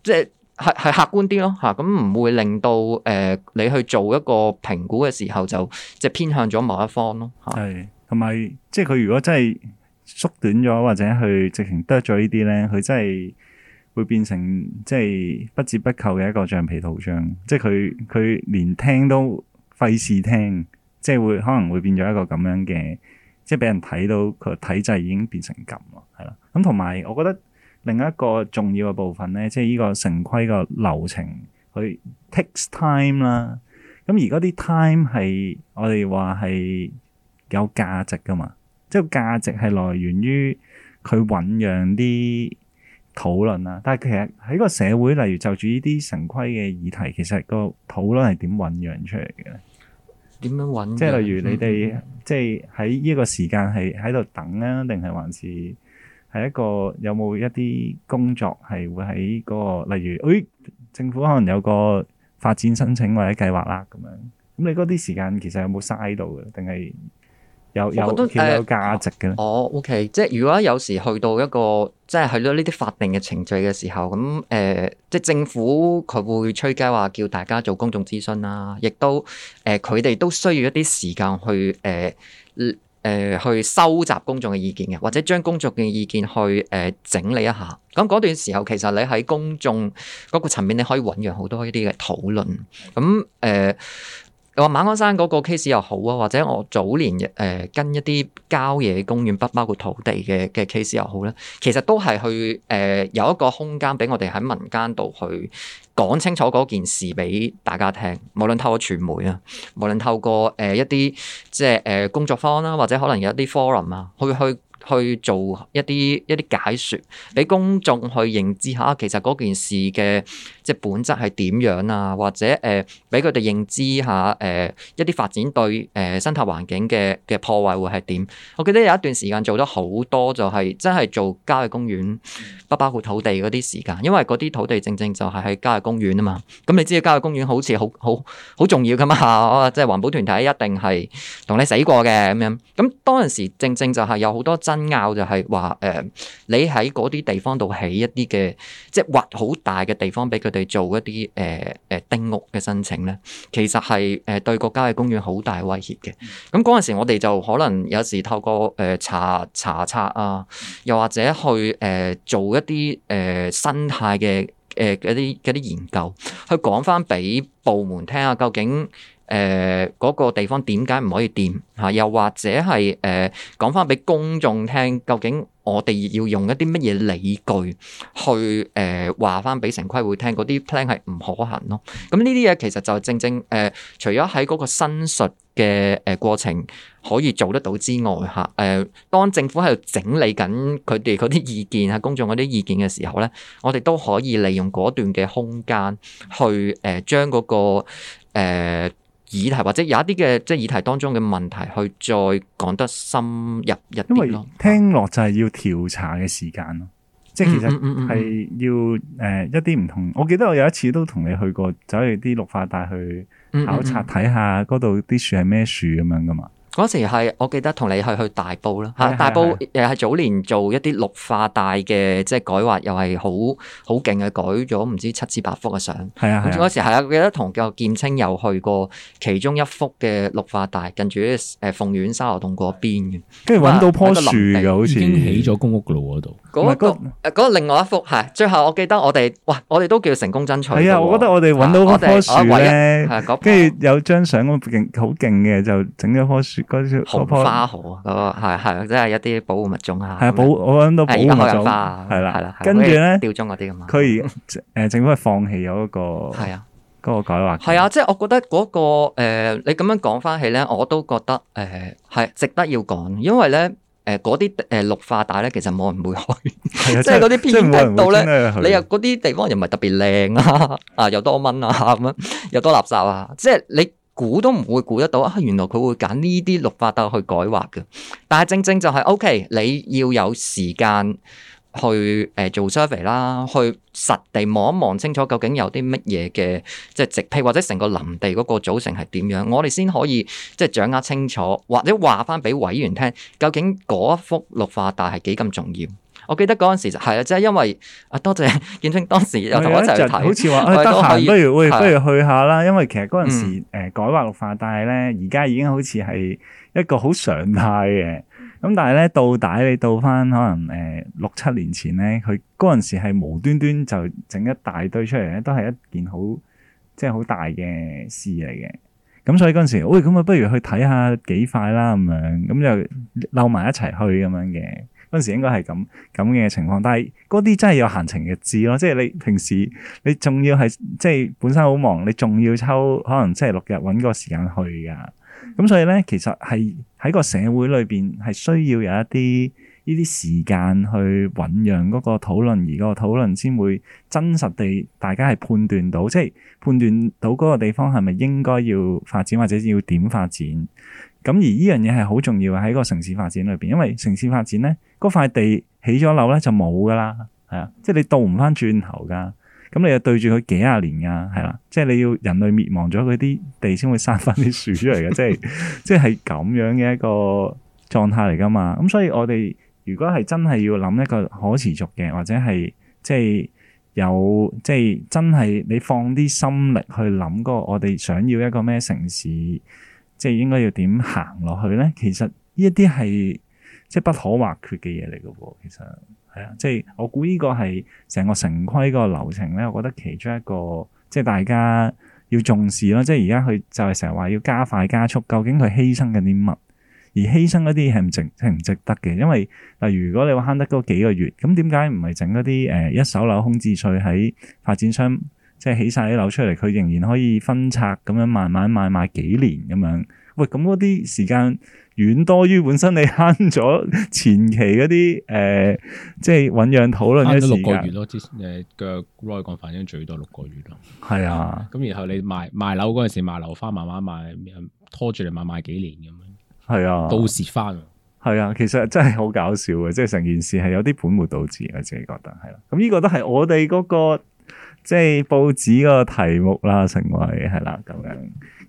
S3: 即係係係客觀啲咯，吓咁唔會令到誒、呃、你去做一個評估嘅時候就即係、就是、偏向咗某一方咯。係、
S1: 嗯，同埋即係佢如果真係縮短咗或者去直情得咗呢啲咧，佢真係。會變成即係不折不扣嘅一個橡皮圖章，即係佢佢連聽都費事聽，即係會可能會變咗一個咁樣嘅，即係俾人睇到佢體制已經變成咁咯，係啦。咁同埋我覺得另一個重要嘅部分咧，即係呢個城規個流程，佢 takes time 啦。咁而家啲 time 係我哋話係有價值㗎嘛，即係價值係來源於佢醖釀啲。討論啦，但係其實喺個社會，例如就住呢啲城規嘅議題，其實個討論係點醖釀出嚟嘅？點樣揾？即係例如你哋，嗯、即係喺呢一個時間係喺度等啊，定係還是係一個有冇一啲工作係會喺嗰、那個？例如，誒、哎、政府可能有個發展申請或者計劃啦，咁樣咁你嗰啲時間其實有冇嘥到嘅？定係？
S3: 有有有價值嘅。哦，OK，即係如果有時去到一個即係去到呢啲法定嘅程序嘅時候，咁誒、呃，即係政府佢會吹雞話叫大家做公眾諮詢啦、啊，亦都誒，佢、呃、哋都需要一啲時間去誒誒、呃呃、去收集公眾嘅意見嘅，或者將公眾嘅意見去誒、呃、整理一下。咁嗰段時候，其實你喺公眾嗰個層面，你可以醖釀好多呢啲嘅討論。咁誒。呃我話馬鞍山嗰個 case 又好啊，或者我早年誒、呃、跟一啲郊野公園不包括土地嘅嘅 case 又好咧，其實都係去誒、呃、有一個空間俾我哋喺民間度去講清楚嗰件事俾大家聽，無論透過傳媒啊，無論透過誒、呃、一啲即係誒工作坊啦，或者可能有一啲 forum 啊，去去去做一啲一啲解說，俾公眾去認知下其實件事嘅即係本質係點樣啊，或者誒俾佢哋認知下誒、呃、一啲發展對誒、呃、生態環境嘅嘅破壞會係點。我記得有一段時間做得好多就係真係做郊野公園，不包括土地嗰啲時間，因為嗰啲土地正正就係喺郊野公園啊嘛。咁你知道郊野公園好似好好好重要噶嘛，即係環保團體一定係同你死過嘅咁樣。咁當陣時正正就係有好多真拗就係話誒，你喺嗰啲地方度起一啲嘅，即係挖好大嘅地方俾佢哋做一啲誒誒丁屋嘅申請咧，其實係誒對國家嘅公園好大威脅嘅。咁嗰陣時，我哋就可能有時透過誒、呃、查查冊啊，又或者去誒、呃、做一啲誒、呃、生態嘅誒嗰啲嗰啲研究，去講翻俾部門聽下究竟。誒嗰、呃那個地方點解唔可以掂嚇、啊？又或者係誒、呃、講翻俾公眾聽，究竟我哋要用一啲乜嘢理據去誒話翻俾城規會聽，嗰啲 plan 係唔可行咯？咁呢啲嘢其實就正正誒、呃，除咗喺嗰個申述嘅誒過程可以做得到之外，嚇、啊、誒當政府喺度整理緊佢哋嗰啲意見、嚇公眾嗰啲意見嘅時候咧，我哋都可以利用嗰段嘅空間去誒、呃、將嗰、那個、呃議題或者有一啲嘅即係議題當中嘅問題，去再講得深入一啲咯。因為
S1: 聽落就係要調查嘅時間咯，嗯嗯嗯嗯，即係其實係要誒一啲唔同。我記得我有一次都同你去過走去啲綠化帶去考察，睇下嗰度啲樹係咩樹咁樣噶嘛。
S3: 嗰時係，我記得同你去去大埔啦嚇，是是是是大埔誒係早年做一啲綠化帶嘅即係改劃，又係好好勁嘅改咗唔知七至八幅嘅相。係啊係啊，嗰時係啊，記得同個劍青有去過其中一幅嘅綠化帶，近住啲誒鳳園沙羅洞嗰邊嘅，跟住揾到棵樹
S2: 又、啊、好似起咗公屋樓嗰度。
S3: 嗰個另外一幅係、啊，最後我記得我哋，喂，我哋都叫成功爭取。係啊，我覺得我哋揾到棵樹咧，跟住
S1: 有張相咁好勁嘅就整咗棵樹。啊嗰條紅花河啊，
S3: 嗰個係係，即係一啲保護物種啊，係保我
S1: 揾到保護物種啊，係啦
S3: 係啦，跟住咧吊鐘嗰啲咁啊，
S1: 佢而誒政府係放棄咗一個係啊嗰個改劃，
S3: 係啊，即係我覺得嗰個誒你咁樣講翻起咧，我都覺得誒係值得要講，因為咧誒嗰啲誒綠化帶咧，其實冇人會去，即係嗰啲偏僻到咧，你又嗰啲地方又唔係特別靚啦，啊又多蚊啊咁樣，又多垃圾啊，即係你。估都唔會估得到啊！原來佢會揀呢啲綠化帶去改劃嘅，但係正正就係 OK。OK，你要有時間去誒、呃、做 survey 啦，去實地望一望清楚究竟有啲乜嘢嘅，即係植被或者成個林地嗰個組成係點樣，我哋先可以即係掌握清楚，或者話翻俾委員聽，究竟嗰一幅綠化帶係幾咁重要。我記得嗰陣時就係、是、啊，即係因為啊，多謝建清當時有同我一齊睇，好似話得閒不如，喂的不如
S1: 去下啦。因為其實嗰陣時、嗯、改劃綠化，但係咧而家已經好似係一個好常態嘅。咁但係咧到底你到翻可能誒六七年前咧，佢嗰陣時係無端端就整一大堆出嚟咧，都係一件好即係好大嘅事嚟嘅。咁所以嗰陣時，喂咁啊，不如去睇下幾塊啦，咁樣咁就溜埋一齊去咁樣嘅。嗰時應該係咁咁嘅情況，但係嗰啲真係有閒情逸致咯，即係你平時你仲要係即係本身好忙，你仲要抽可能星期六日揾個時間去噶。咁所以呢，其實係喺個社會裏邊係需要有一啲呢啲時間去醖釀嗰個討論，而個討論先會真實地大家係判斷到，即係判斷到嗰個地方係咪應該要發展或者要點發展。咁而呢樣嘢係好重要嘅喺個城市發展裏邊，因為城市發展咧，嗰塊地起咗樓咧就冇噶啦，係啊，即係你倒唔翻轉頭噶，咁你又對住佢幾廿年噶，係啦，即係你要人類滅亡咗，佢啲地先會生翻啲樹出嚟嘅，即係即係咁樣嘅一個狀態嚟噶嘛。咁所以我哋如果係真係要諗一個可持續嘅，或者係即係有即係真係你放啲心力去諗個我哋想要一個咩城市。即係應該要點行落去咧？其實呢一啲係即係不可或缺嘅嘢嚟嘅喎。其實係啊，即係我估呢個係成個城規個流程咧。我覺得其中一個即係大家要重視咯。即係而家佢就係成日話要加快加速，究竟佢犧牲緊啲乜？而犧牲嗰啲係唔值值唔值得嘅？因為嗱，如果你話慳得嗰幾個月，咁點解唔係整嗰啲誒一手樓空置稅喺發展商？即係起晒啲樓出嚟，佢仍然可以分拆咁樣慢慢賣賣幾年咁樣。喂，咁嗰啲時間遠多於本身你慳咗前期嗰啲誒，即係醖釀討論嘅時間。慳咗
S2: 六個月咯，之前誒腳外港反正最多六個月咯。
S1: 係啊，
S2: 咁然後你賣賣樓嗰陣時賣樓花，慢慢賣拖住嚟賣賣幾年咁
S1: 樣。係啊，倒蝕翻。係啊，其實真係好搞笑嘅，即係成件事係有啲本末倒置，我自己覺得係啦。咁呢個都係我哋嗰、那個。即係報紙個題目啦，成為係啦咁樣。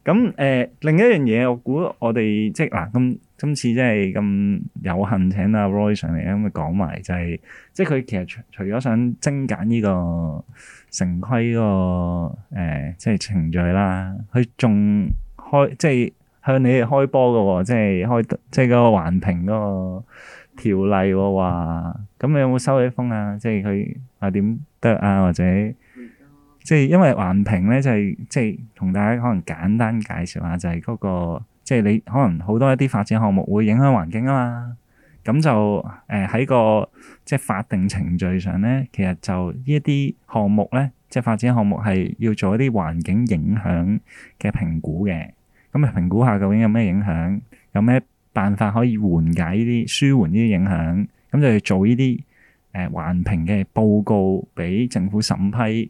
S1: 咁誒、呃、另一樣嘢，我估我哋即係嗱咁今次即係咁有幸請阿 Roy 上嚟，咁咪講埋就係、是，即係佢其實除除咗想精簡呢個城規、這個誒、呃、即係程序啦，佢仲開即係向你哋開波㗎喎、哦，即係開即係嗰個環評嗰個條例喎話，咁你有冇收起風啊？即係佢啊點得啊？或者？即係因為環評咧，就係、是、即係同大家可能簡單介紹下，就係、是、嗰、那個即係、就是、你可能好多一啲發展項目會影響環境啊嘛。咁就誒喺、呃、個即係法定程序上咧，其實就呢一啲項目咧，即係發展項目係要做一啲環境影響嘅評估嘅。咁咪評估下究竟有咩影響，有咩辦法可以緩解呢啲舒緩呢啲影響，咁就去做呢啲誒環評嘅報告俾政府審批。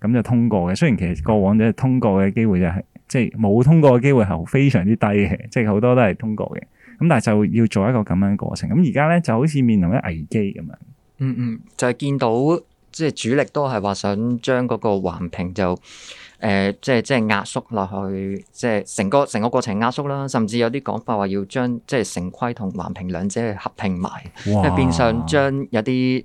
S1: 咁就通過嘅，雖然其實過往嘅通過嘅機會就係、是，即係冇通過嘅機會係非常之低嘅，即係好多都係通過嘅。咁但係就要做一個咁樣嘅過程。咁而家咧就好似面臨一危機咁樣。嗯
S3: 嗯，就係、是、見到即係主力都係話想將嗰個環評就。誒、呃，即係即係壓縮落去，即係成個成個過程壓縮啦，甚至有啲講法話要將即係城規同環評兩者去合併埋，即係哇變相將有啲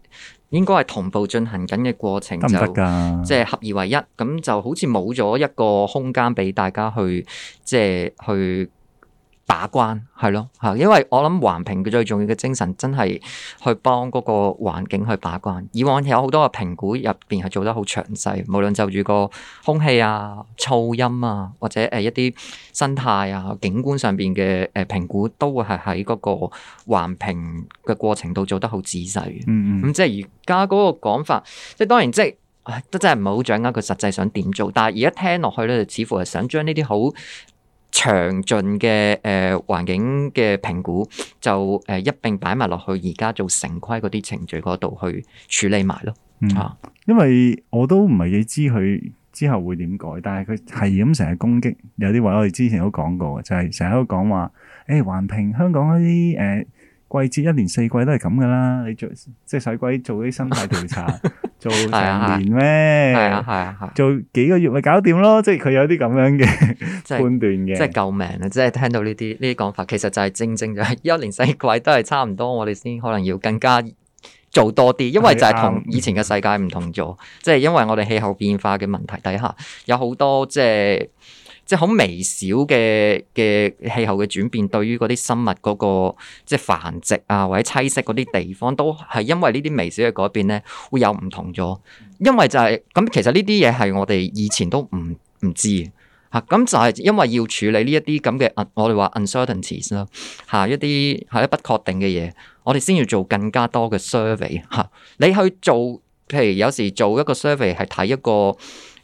S3: 應該係同步進行緊嘅過程就能能即係合二為一，咁就好似冇咗一個空間俾大家去即係去。把關係咯，吓，因為我諗環評嘅最重要嘅精神，真係去幫嗰個環境去把關。以往有好多嘅評估入邊係做得好詳細，無論就住個空氣啊、噪音啊，或者誒一啲生態啊、景觀上邊嘅誒評估，都會係喺嗰個環評嘅過程度做得好仔細。嗯嗯。咁即係而家嗰個講法，即係當然即係都真係唔係好掌握佢實際想點做，但係而家聽落去咧，似乎係想將呢啲好，詳盡嘅誒環境嘅評估就誒、呃、一並擺埋落去而家做城規嗰啲程序嗰度去處理埋咯，嗯、
S1: 啊，因為我都唔係幾知佢之後會點改，但係佢係咁成日攻擊，嗯、有啲位我哋之前、就是、都講過就係成日都講話，誒環評香港嗰啲誒季節一年四季都係咁噶啦，你做即係使鬼做啲生態調查。 <laughs> 做兩年咩？係啊係啊，啊啊啊做幾個月咪搞掂咯。即係佢有啲咁樣嘅
S3: 即判斷嘅，即係救命啊！即係聽到呢啲呢啲講法，其實就係正正就係一年四季都係差唔多，我哋先可能要更加做多啲，因為就係同以前嘅世界唔同咗。係啱即係因為我哋氣候變化嘅問題底下，有好多即係。即係好微小嘅嘅氣候嘅轉變，對於嗰啲生物嗰、嗰個即係繁殖啊，或者棲息嗰啲地方，都係因為呢啲微小嘅改變咧，會有唔同咗。因為就係、是、咁，其實呢啲嘢係我哋以前都唔唔知嘅嚇。咁、啊、就係、是、因為要處理呢一啲咁嘅，我哋話 uncertainties 啦、啊、嚇，一啲係一不確定嘅嘢，我哋先要做更加多嘅 survey 嚇、啊。你去做，譬如有時做一個 survey 係睇一個。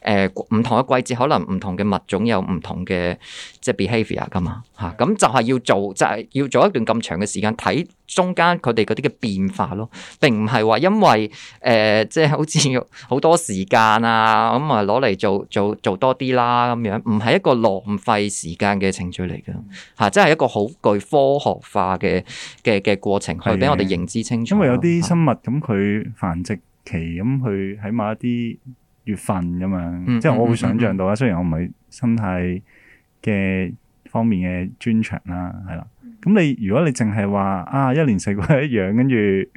S3: 誒唔、呃、同嘅季節，可能唔同嘅物種有唔同嘅即係 behavior 噶、啊、嘛嚇，咁的、嗯、就係、是、要做，就係、是、要做一段咁長嘅時間睇中間佢哋嗰啲嘅變化咯。並唔係話因為誒即係好似好多時間啊咁啊攞嚟做做做多啲啦咁樣，唔係一個浪費時間嘅程序嚟嘅嚇，即、啊、係一個好具科學化嘅嘅嘅過程去俾我哋認知清
S1: 楚。因為有啲生物咁佢的繁殖期咁去起碼一啲。月份咁樣，即、嗯、係、嗯、我會想象到啦。雖然我唔係生態嘅方面嘅專長、嗯嗯嗯、啦，係啦。咁你如果你淨係話啊，一年四季一樣、um, <laughs> 跟住誒，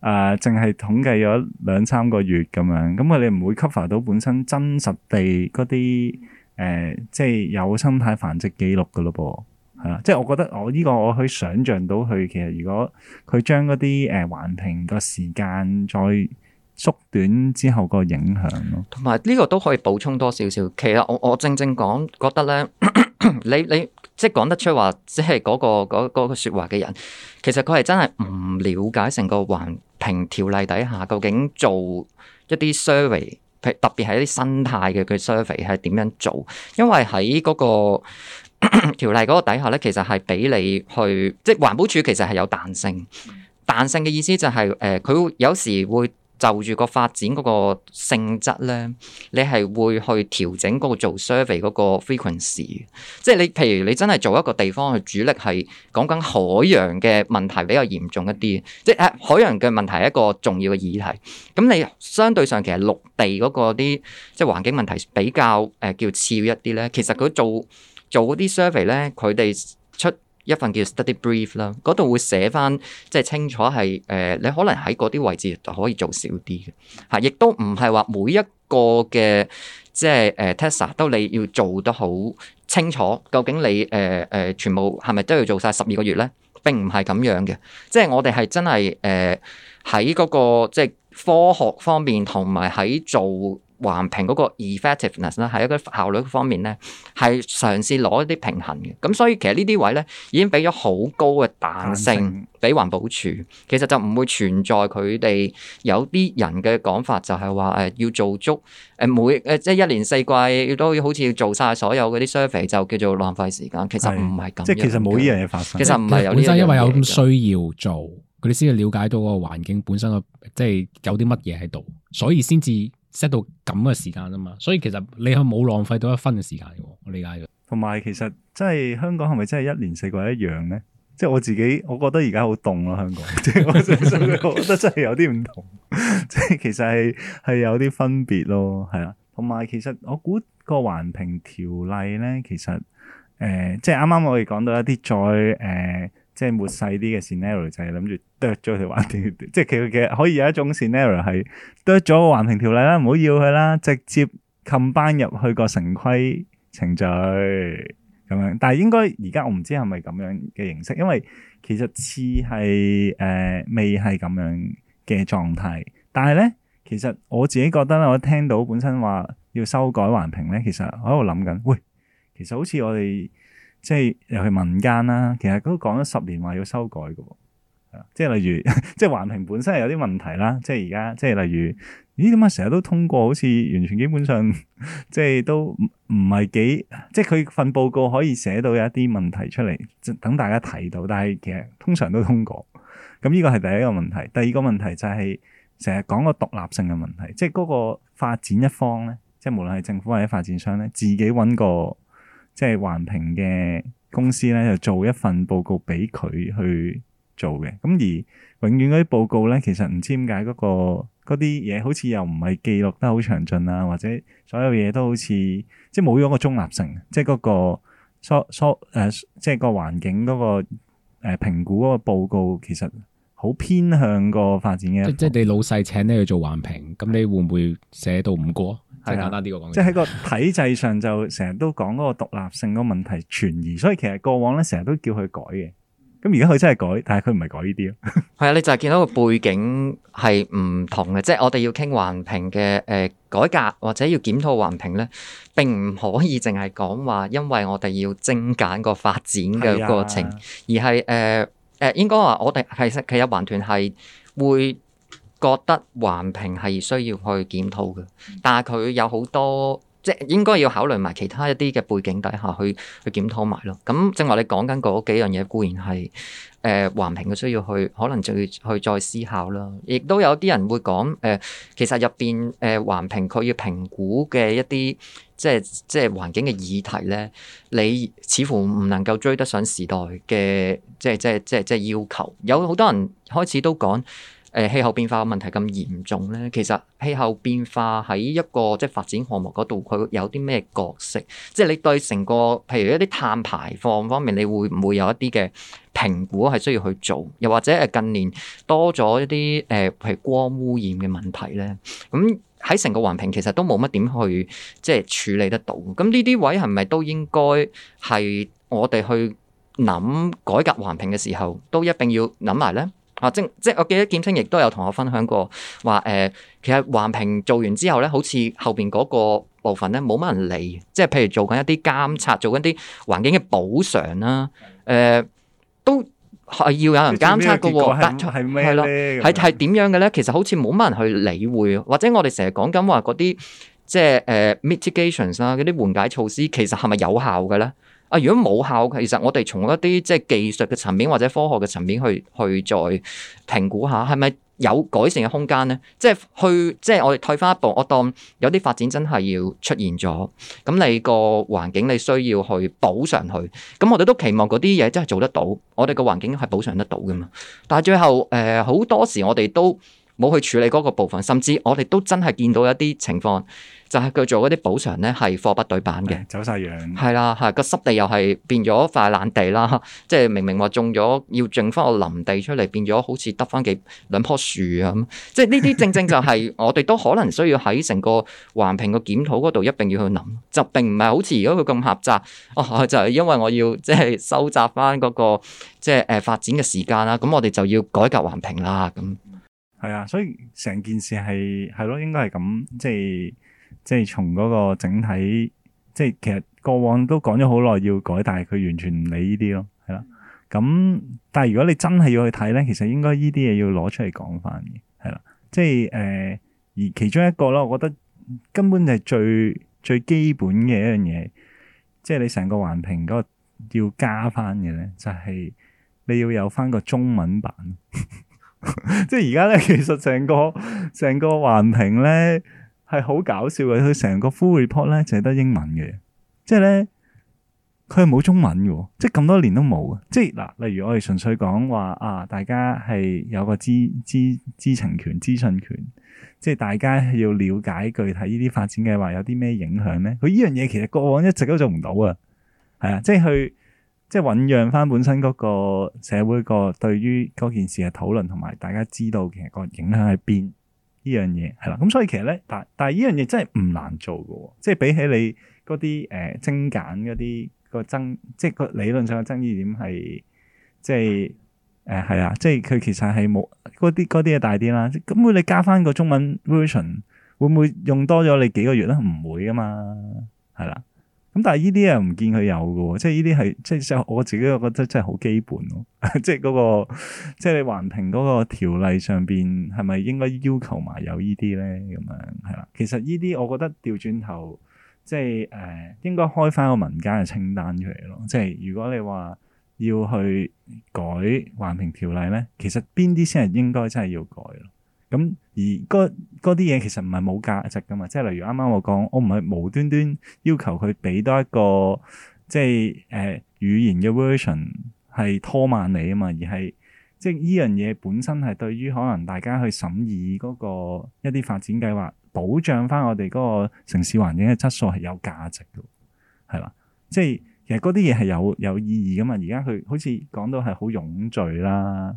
S1: 淨係統計咗兩三個月咁、嗯嗯、樣，咁你唔會 cover 到本身真實地嗰啲誒，即、呃、係、就是、有生態繁殖記錄噶咯噃，係啦。即係我覺得我呢個我可以想象到，佢其實如果佢將嗰啲誒環評個時間再。縮短之後個影響咯，同
S3: 埋呢個都可以補充多少少。其實我我正正講覺得咧， <coughs> 你你即係講得出話，即係嗰、嗰個嗰嗰、嗰個説、嗰個、話嘅人，其實佢係真係唔了解成個環評條例底下究竟做一啲 survey，特別係一啲生態嘅佢 survey 係點樣做？因為喺嗰、嗰個 <coughs> 條例嗰個底下咧，其實係俾你去即係環保署其實係有彈性，彈性嘅意思就係、係、誒，佢、呃、有時會。就住個發展嗰個性質咧，你係會去調整嗰個做 survey 嗰個 frequency，即係你譬如你真係做一個地方去主力係講緊海洋嘅問題比較嚴重一啲，即係誒、啊、海洋嘅問題係一個重要嘅議題。咁你相對上其實陸地嗰個啲即係環境問題比較誒、呃、叫次要一啲咧。其實佢做做嗰啲 survey 咧，佢哋出一份叫 study brief 啦，嗰度會寫翻即係清楚係誒，你可能喺嗰啲位置可以做少啲嘅嚇，亦都唔係話每一個嘅即係誒 test 都你要做得好清楚，究竟你誒誒全部係咪都要做晒十二個月咧？並唔係咁樣嘅，即係我哋係真係誒喺嗰個即係科學方面同埋喺做。環評嗰個 effectiveness 咧，係一個效率方面咧，係嘗試攞一啲平衡嘅。咁所以其實呢啲位咧，已經俾咗好高嘅彈性俾環保署。其實就唔會存在佢哋有啲人嘅講法，就係話誒要做足誒每誒即係一年四季都要好似要做晒所有嗰啲 survey，就叫做浪費時間。其實唔係咁。即係其實冇呢樣嘢發生。其實唔係有本身因為有咁
S2: 需要做，佢哋先至了解到個環境本身嘅，即係有啲乜嘢喺度，所以先至。set 到咁嘅時間啊嘛，所以其實你係冇浪費到一分嘅時間嘅，我理
S1: 解嘅。同埋其實即係香港係咪真係一年四季一樣咧？即係我自己我覺得而家好凍咯，香港即係 <laughs> <laughs> 我覺得真係有啲唔同，即係其實係係有啲分別咯，係啊。同埋其實我估個環評條例咧，其實誒、呃，即係啱啱我哋講到一啲再誒。呃即係抹細啲嘅 scenario 就係諗住剁咗條環評，即係其實其實可以有一種 scenario 係剁咗個環評條例啦，唔好要佢啦，直接冚班入去個城規程序咁樣。但係應該而家我唔知係咪咁樣嘅形式，因為其實似係誒、呃、未係咁樣嘅狀態。但係咧，其實我自己覺得咧，我聽到本身話要修改環評咧，其實我喺度諗緊，喂，其實好似我哋。即係又係民間啦，其實都講咗十年話要修改㗎喎，即係例如，即係環評本身係有啲問題啦，即係而家，即係例如，咦點解成日都通過？好似完全基本上，即係都唔唔係幾，即係佢份報告可以寫到有一啲問題出嚟，等大家睇到。但係其實通常都通過，咁呢個係第一個問題。第二個問題就係成日講個獨立性嘅問題，即係嗰個發展一方咧，即係無論係政府或者發展商咧，自己揾個。即係環評嘅公司咧，就做一份報告俾佢去做嘅。咁而永遠嗰啲報告咧，其實唔知點解嗰個嗰啲嘢好似又唔係記錄得好詳盡啊，或者所有嘢都好似即係冇咗個中立性，即係嗰、嗰個疏疏誒，即係個環境嗰、嗰個誒、呃、評估嗰個報告其實好偏向個發展嘅。即係你老細請你去做環評，咁你會唔會寫到唔過？即係簡單啲講，即係喺個體制上就成日都講嗰個獨立性個問題存疑，所以其實過往咧成日都叫佢改嘅。咁而家佢真係改，但係佢唔係改呢啲咯。
S3: 係啊，你就係見到個背景係唔同嘅， <laughs> 即係我哋要傾環評嘅誒、呃、改革，或者要檢討環評咧，並唔可以淨係講話，因為我哋要精簡個發展嘅過程，啊、而係誒誒，應該話我哋係識，其實環團係會。覺得環評係需要去檢討嘅，但係佢有好多即係應該要考慮埋其他一啲嘅背景底下去去檢討埋咯。咁正話你講緊嗰幾樣嘢固然係誒、呃、環評嘅需要去，可能就要去，去再思考啦。亦都有啲人會講誒、呃，其實入邊誒環評佢要評估嘅一啲即係即係環境嘅議題咧，你似乎唔能夠追得上時代嘅即係即係即係即係要求。有好多人開始都講。誒氣候變化嘅問題咁嚴重呢？其實氣候變化喺一個即係發展項目嗰度，佢有啲咩角色？即係你對成個譬如一啲碳排放方面，你會唔會有一啲嘅評估係需要去做？又或者近年多咗一啲誒、呃，譬如光污染嘅問題呢？咁喺成個環評其實都冇乜點去即係處理得到。咁呢啲位係咪都應該係我哋去諗改革環評嘅時候，都一定要諗埋呢？啊，即即我記得劍青亦都有同我分享過，話誒、呃，其實環評做完之後咧，好似後邊嗰個部分咧，冇乜人理，即係譬如做緊一啲監察，做緊啲環境嘅補償啦，誒、呃，都係要有人監察嘅喎，但
S1: 係咩咧？係係
S3: 點樣嘅咧？其實好似冇乜人去理會，或者我哋成日講緊話嗰啲即係誒 mitigations 啦，嗰、呃、啲緩解措施，其實係咪有效嘅咧？啊！如果冇效，其實我哋從一啲即係技術嘅層面或者科學嘅層面去去再評估下，係咪有改善嘅空間呢？即係去即係我哋退翻一步，我當有啲發展真係要出現咗，咁你個環境你需要去補償佢。咁我哋都期望嗰啲嘢真係做得到，我哋個環境係補償得到嘅嘛。但係最後誒，好多時我哋都冇去處理嗰個部分，甚至我哋都真係見到一啲情況，就係、是、佢做嗰啲補償咧，係貨不對版嘅，走晒樣。係啦，係個濕地又係變咗塊爛地啦，即係明明話種咗要剩翻個林地出嚟，變咗好似得翻幾兩棵樹啊咁。即係呢啲正正就係我哋都可能需要喺成個環評個檢討嗰度一定要去諗，就並唔係好似而家佢咁狹窄。哦，就係、是、因為我要即係、就是、收集翻、那、嗰個即係誒發展嘅時間啦，咁我哋就要改革環評啦咁。係啊，所以成件事係係咯，應
S1: 該係咁，即係即係從嗰個整體，即係其實過往都講咗好耐要改，但係佢完全唔理呢啲咯，係啦。咁但係如果你真係要去睇咧，其實應該呢啲嘢要攞出嚟講翻嘅，係啦。即係誒、呃，而其中一個咯，我覺得根本就係最最基本嘅一樣嘢，即係你成個環評嗰個要加翻嘅咧，就係、是、你要有翻個中文版。 <laughs> <laughs> 即係而家咧，其實成個成個環評咧係好搞笑嘅。佢成個 full report 咧淨係得英文嘅，即係咧佢係冇中文嘅，即係咁多年都冇嘅。即係嗱，例如我哋純粹講話啊，大家係有個知知知情權、資訊權，即係大家要了解具體呢啲發展計劃有啲咩影響咧。佢呢樣嘢其實過往一直都做唔到啊，係啊，即係去。即係醖釀翻本身嗰個社會個對於嗰件事嘅討論，同埋大家知道其實個影響喺邊，呢樣嘢係啦，咁所以其實咧，但但係呢樣嘢真係唔難做㗎，即係比起你嗰啲誒精簡嗰啲、個爭，即係個理論上嘅爭議點係即係誒係啊，即係佢、呃、其實係冇嗰啲嗰啲嘢大啲啦。咁你加翻個中文 version，會唔會用多咗你幾個月咧？唔會㗎嘛，係啦。咁但係呢啲又唔見佢有嘅喎，即係呢啲係即係我自己覺得真係好基本咯，即係嗰個即係你環評嗰個條例上邊係咪應該要求埋有呢啲咧？咁樣係啦，其實呢啲我覺得調轉頭即係誒應該開翻個民間嘅清單出嚟咯。即係如果你話要去改環評條例咧，其實邊啲先係應該真係要改咯？咁。而嗰啲嘢其實唔係冇價值噶嘛，即係例如啱啱我講，我唔係無端端要求佢俾多一個，即係誒、呃、語言嘅 version 係拖慢你啊嘛，而係即係呢樣嘢本身係對於可能大家去審議嗰個一啲發展計劃，保障翻我哋嗰個城市環境嘅質素係有價值嘅，係啦，即係其實嗰啲嘢係有有意義噶嘛，而家佢好似講到係好冗贅啦。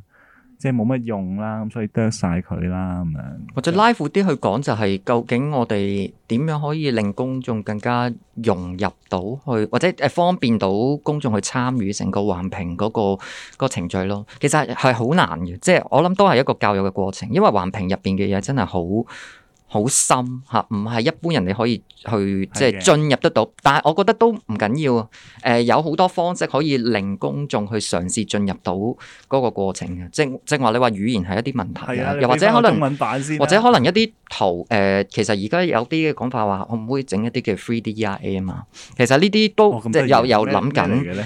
S1: 即係冇乜用啦，咁所以剁晒佢啦咁樣。
S3: 或者拉闊啲去講就係，究竟我哋點樣可以令公眾更加融入到去，或者誒方便到公眾去參與成個環評嗰個、嗰個程序咯。其實係好難嘅，即係我諗都係一個教育嘅過程，因為環評入邊嘅嘢真係好。好深吓，唔係一般人你可以去即係進入得到。的但係我覺得都唔緊要，誒、呃、有好多方式可以令公眾去嘗試進入到嗰個過程嘅。正正話你話語言係一啲問題啊，的又或者可能或者可能一啲圖誒、呃，其實而家有啲嘅講法話，可唔可以整一啲叫 three D R A 啊嘛？其實呢啲都即係有有諗緊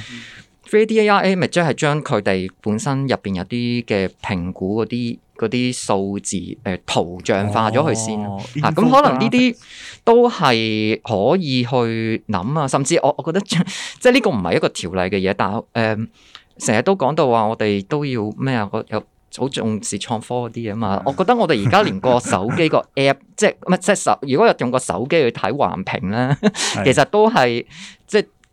S3: three D R A 咪即係將佢哋本身入邊有啲嘅評估嗰啲。嗰啲數字誒、呃、圖像化咗佢先、哦、啊，咁、嗯、In ful 可能呢啲都係可以去諗啊，甚至我我覺得 <laughs> 即係呢個唔係一個條例嘅嘢，但係誒成日都講到話我哋都要咩啊？我有好重視創科嗰啲嘢嘛？我覺得我哋而家連個手機個 app <laughs> 即係唔即係手，如果有用個手機去睇環評咧，其實都係。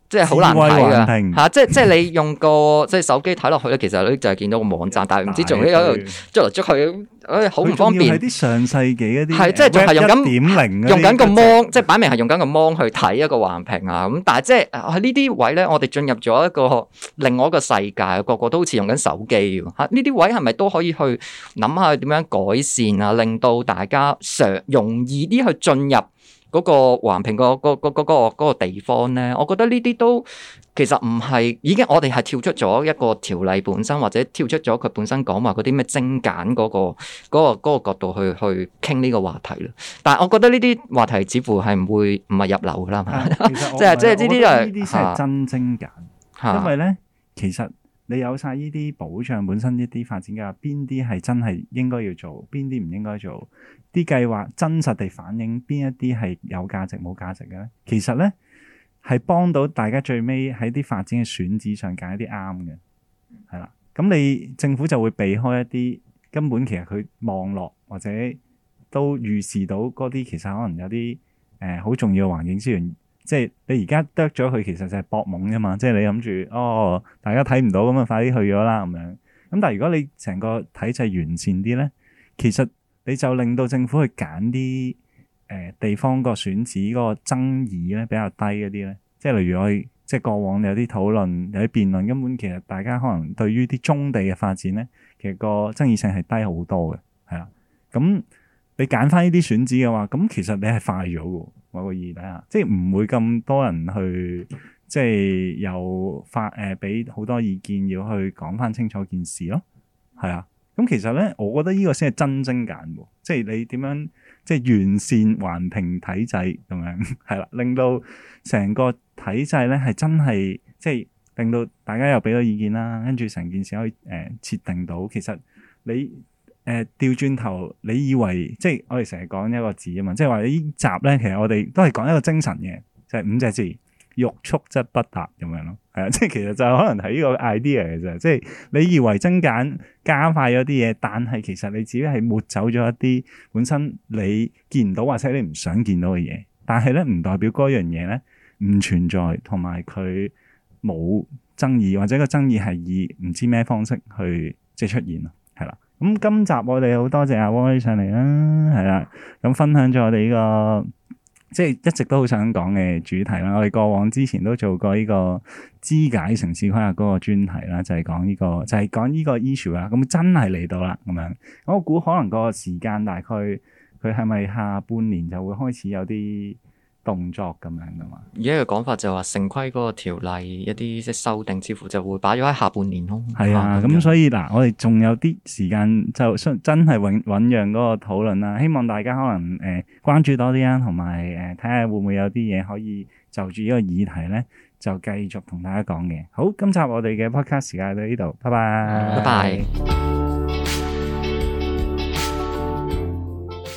S3: 即係好難睇噶嚇，即係即係你用個即係手機睇落去咧，其實咧就係見到個網站， <laughs> 但係唔知仲喺度捉嚟捉去，好、哎、唔方便。啲
S1: 上世紀啲，係即係仲係用緊點零用緊
S3: 個 mon <laughs> 即係擺明係用緊個 mon 去睇一個橫屏啊！咁但係即係喺呢啲位咧，我哋進入咗一個另外一個世界，個個都好似用緊手機喎嚇。呢啲位係咪都可以去諗下點樣改善啊？令到大家常容易啲去進入。嗰個環評、嗰個、嗰個個嗰、嗰個地方咧，我覺得呢啲都其實唔係已經我哋係跳出咗一個條例本身，或者跳出咗佢本身講話嗰啲咩精簡嗰、嗰個嗰、嗰個嗰個、角度去去傾呢個話題啦。但係我覺得呢啲話題似乎係唔會唔係入流噶啦，嘛、啊？即係即係呢啲係真精簡，啊、因為咧
S1: 其實你有晒呢啲保障本身呢啲發展嘅，邊啲係真係應該要做，邊啲唔應該做？啲計劃真實地反映邊一啲係有價值冇價值嘅咧？其實咧係幫到大家最尾喺啲發展嘅選址上揀一啲啱嘅，係啦。咁你政府就會避開一啲根本其實佢望落或者都預示到嗰啲其實可能有啲誒好重要環境資源，即係你而家得咗佢其實就係博懵啫嘛。即係你諗住哦，大家睇唔到咁啊，快啲去咗啦咁樣。咁但係如果你成個體制完善啲咧，其實你就令到政府去揀啲誒地方個選址嗰個爭議咧比較低嗰啲咧，即係例如我，即係過往有啲討論有啲辯論，根本其實大家可能對於啲棕地嘅發展咧，其實個爭議性係低好多嘅，係啊，咁你揀翻呢啲選址嘅話，咁其實你係快咗嘅，我個意睇下，即係唔會咁多人去，即係有發誒俾好多意見要去講翻清楚件事咯，係啊。咁其實咧，我覺得呢個先係真精簡喎，即係你點樣即係完善環評體制，同埋係啦， <laughs> 令到成個體制咧係真係即係令到大家又俾咗意見啦，跟住成件事可以誒、呃、設定到。其實你誒掉轉頭，你以為即係我哋成日講一個字啊嘛，即係話呢集咧，其實我哋都係講一個精神嘅，就係、是、五隻字。欲速則不達咁樣咯，係啊，即係其實就可能係呢個 idea 嘅啫。即係你以為增減加快咗啲嘢，但係其實你只係抹走咗一啲本身你見唔到或者你唔想見到嘅嘢。但係咧，唔代表嗰樣嘢咧，唔存在，同埋佢冇爭議，或者個爭議係以唔知咩方式去即係出現咯，係啦。咁今集我哋好多謝阿威上嚟啦，係啦，咁分享咗我哋呢個。即係一直都好想講嘅主題啦。我哋過往之前都做過呢個肢解城市規劃嗰個專題啦，就係講呢個就係講呢個 issue 啦。咁真係嚟到啦咁樣。我估可能個時間大概佢係咪下半年就會開始有啲？動作咁樣噶
S3: 嘛？而家嘅講法就話城規嗰個條例一啲即係修訂，似乎就會擺咗喺下半年咯。
S1: 係啊，咁所以嗱，我哋仲有啲時間就真係醞醞釀嗰個討論啦。希望大家可能誒、呃、關注多啲啊，同埋誒睇下會唔會有啲嘢可以就住呢個議題咧，就繼續同大家講嘅。好，今集我哋嘅 podcast 時間到呢度，拜拜，拜拜。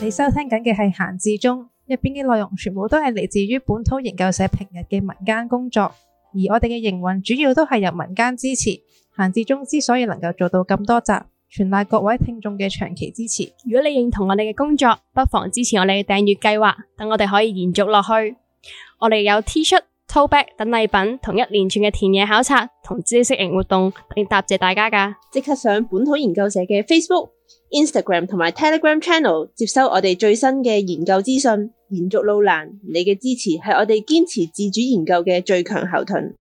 S1: 你收聽緊嘅係閒智中。入邊嘅內容全部都係嚟自於本土研究社平日嘅民間工作，而我哋嘅營運主要都係由民間支持。閒置中之所以能夠做到咁多集，
S3: 全賴各位聽眾嘅長期支持。如果你認同我哋嘅工作，不妨支持我哋嘅訂閱計劃，等我哋可以延續落去。我哋有 T-shirt、Tote Bag 等禮品，同一連串嘅田野考察同知識型活動，亦答謝大家噶。即刻上本土研究社嘅 Facebook、Instagram 同埋 Telegram Channel，接收我哋最新嘅研究資
S1: 訊。延續路難，你嘅支持係我哋堅持自主研究嘅最強後盾。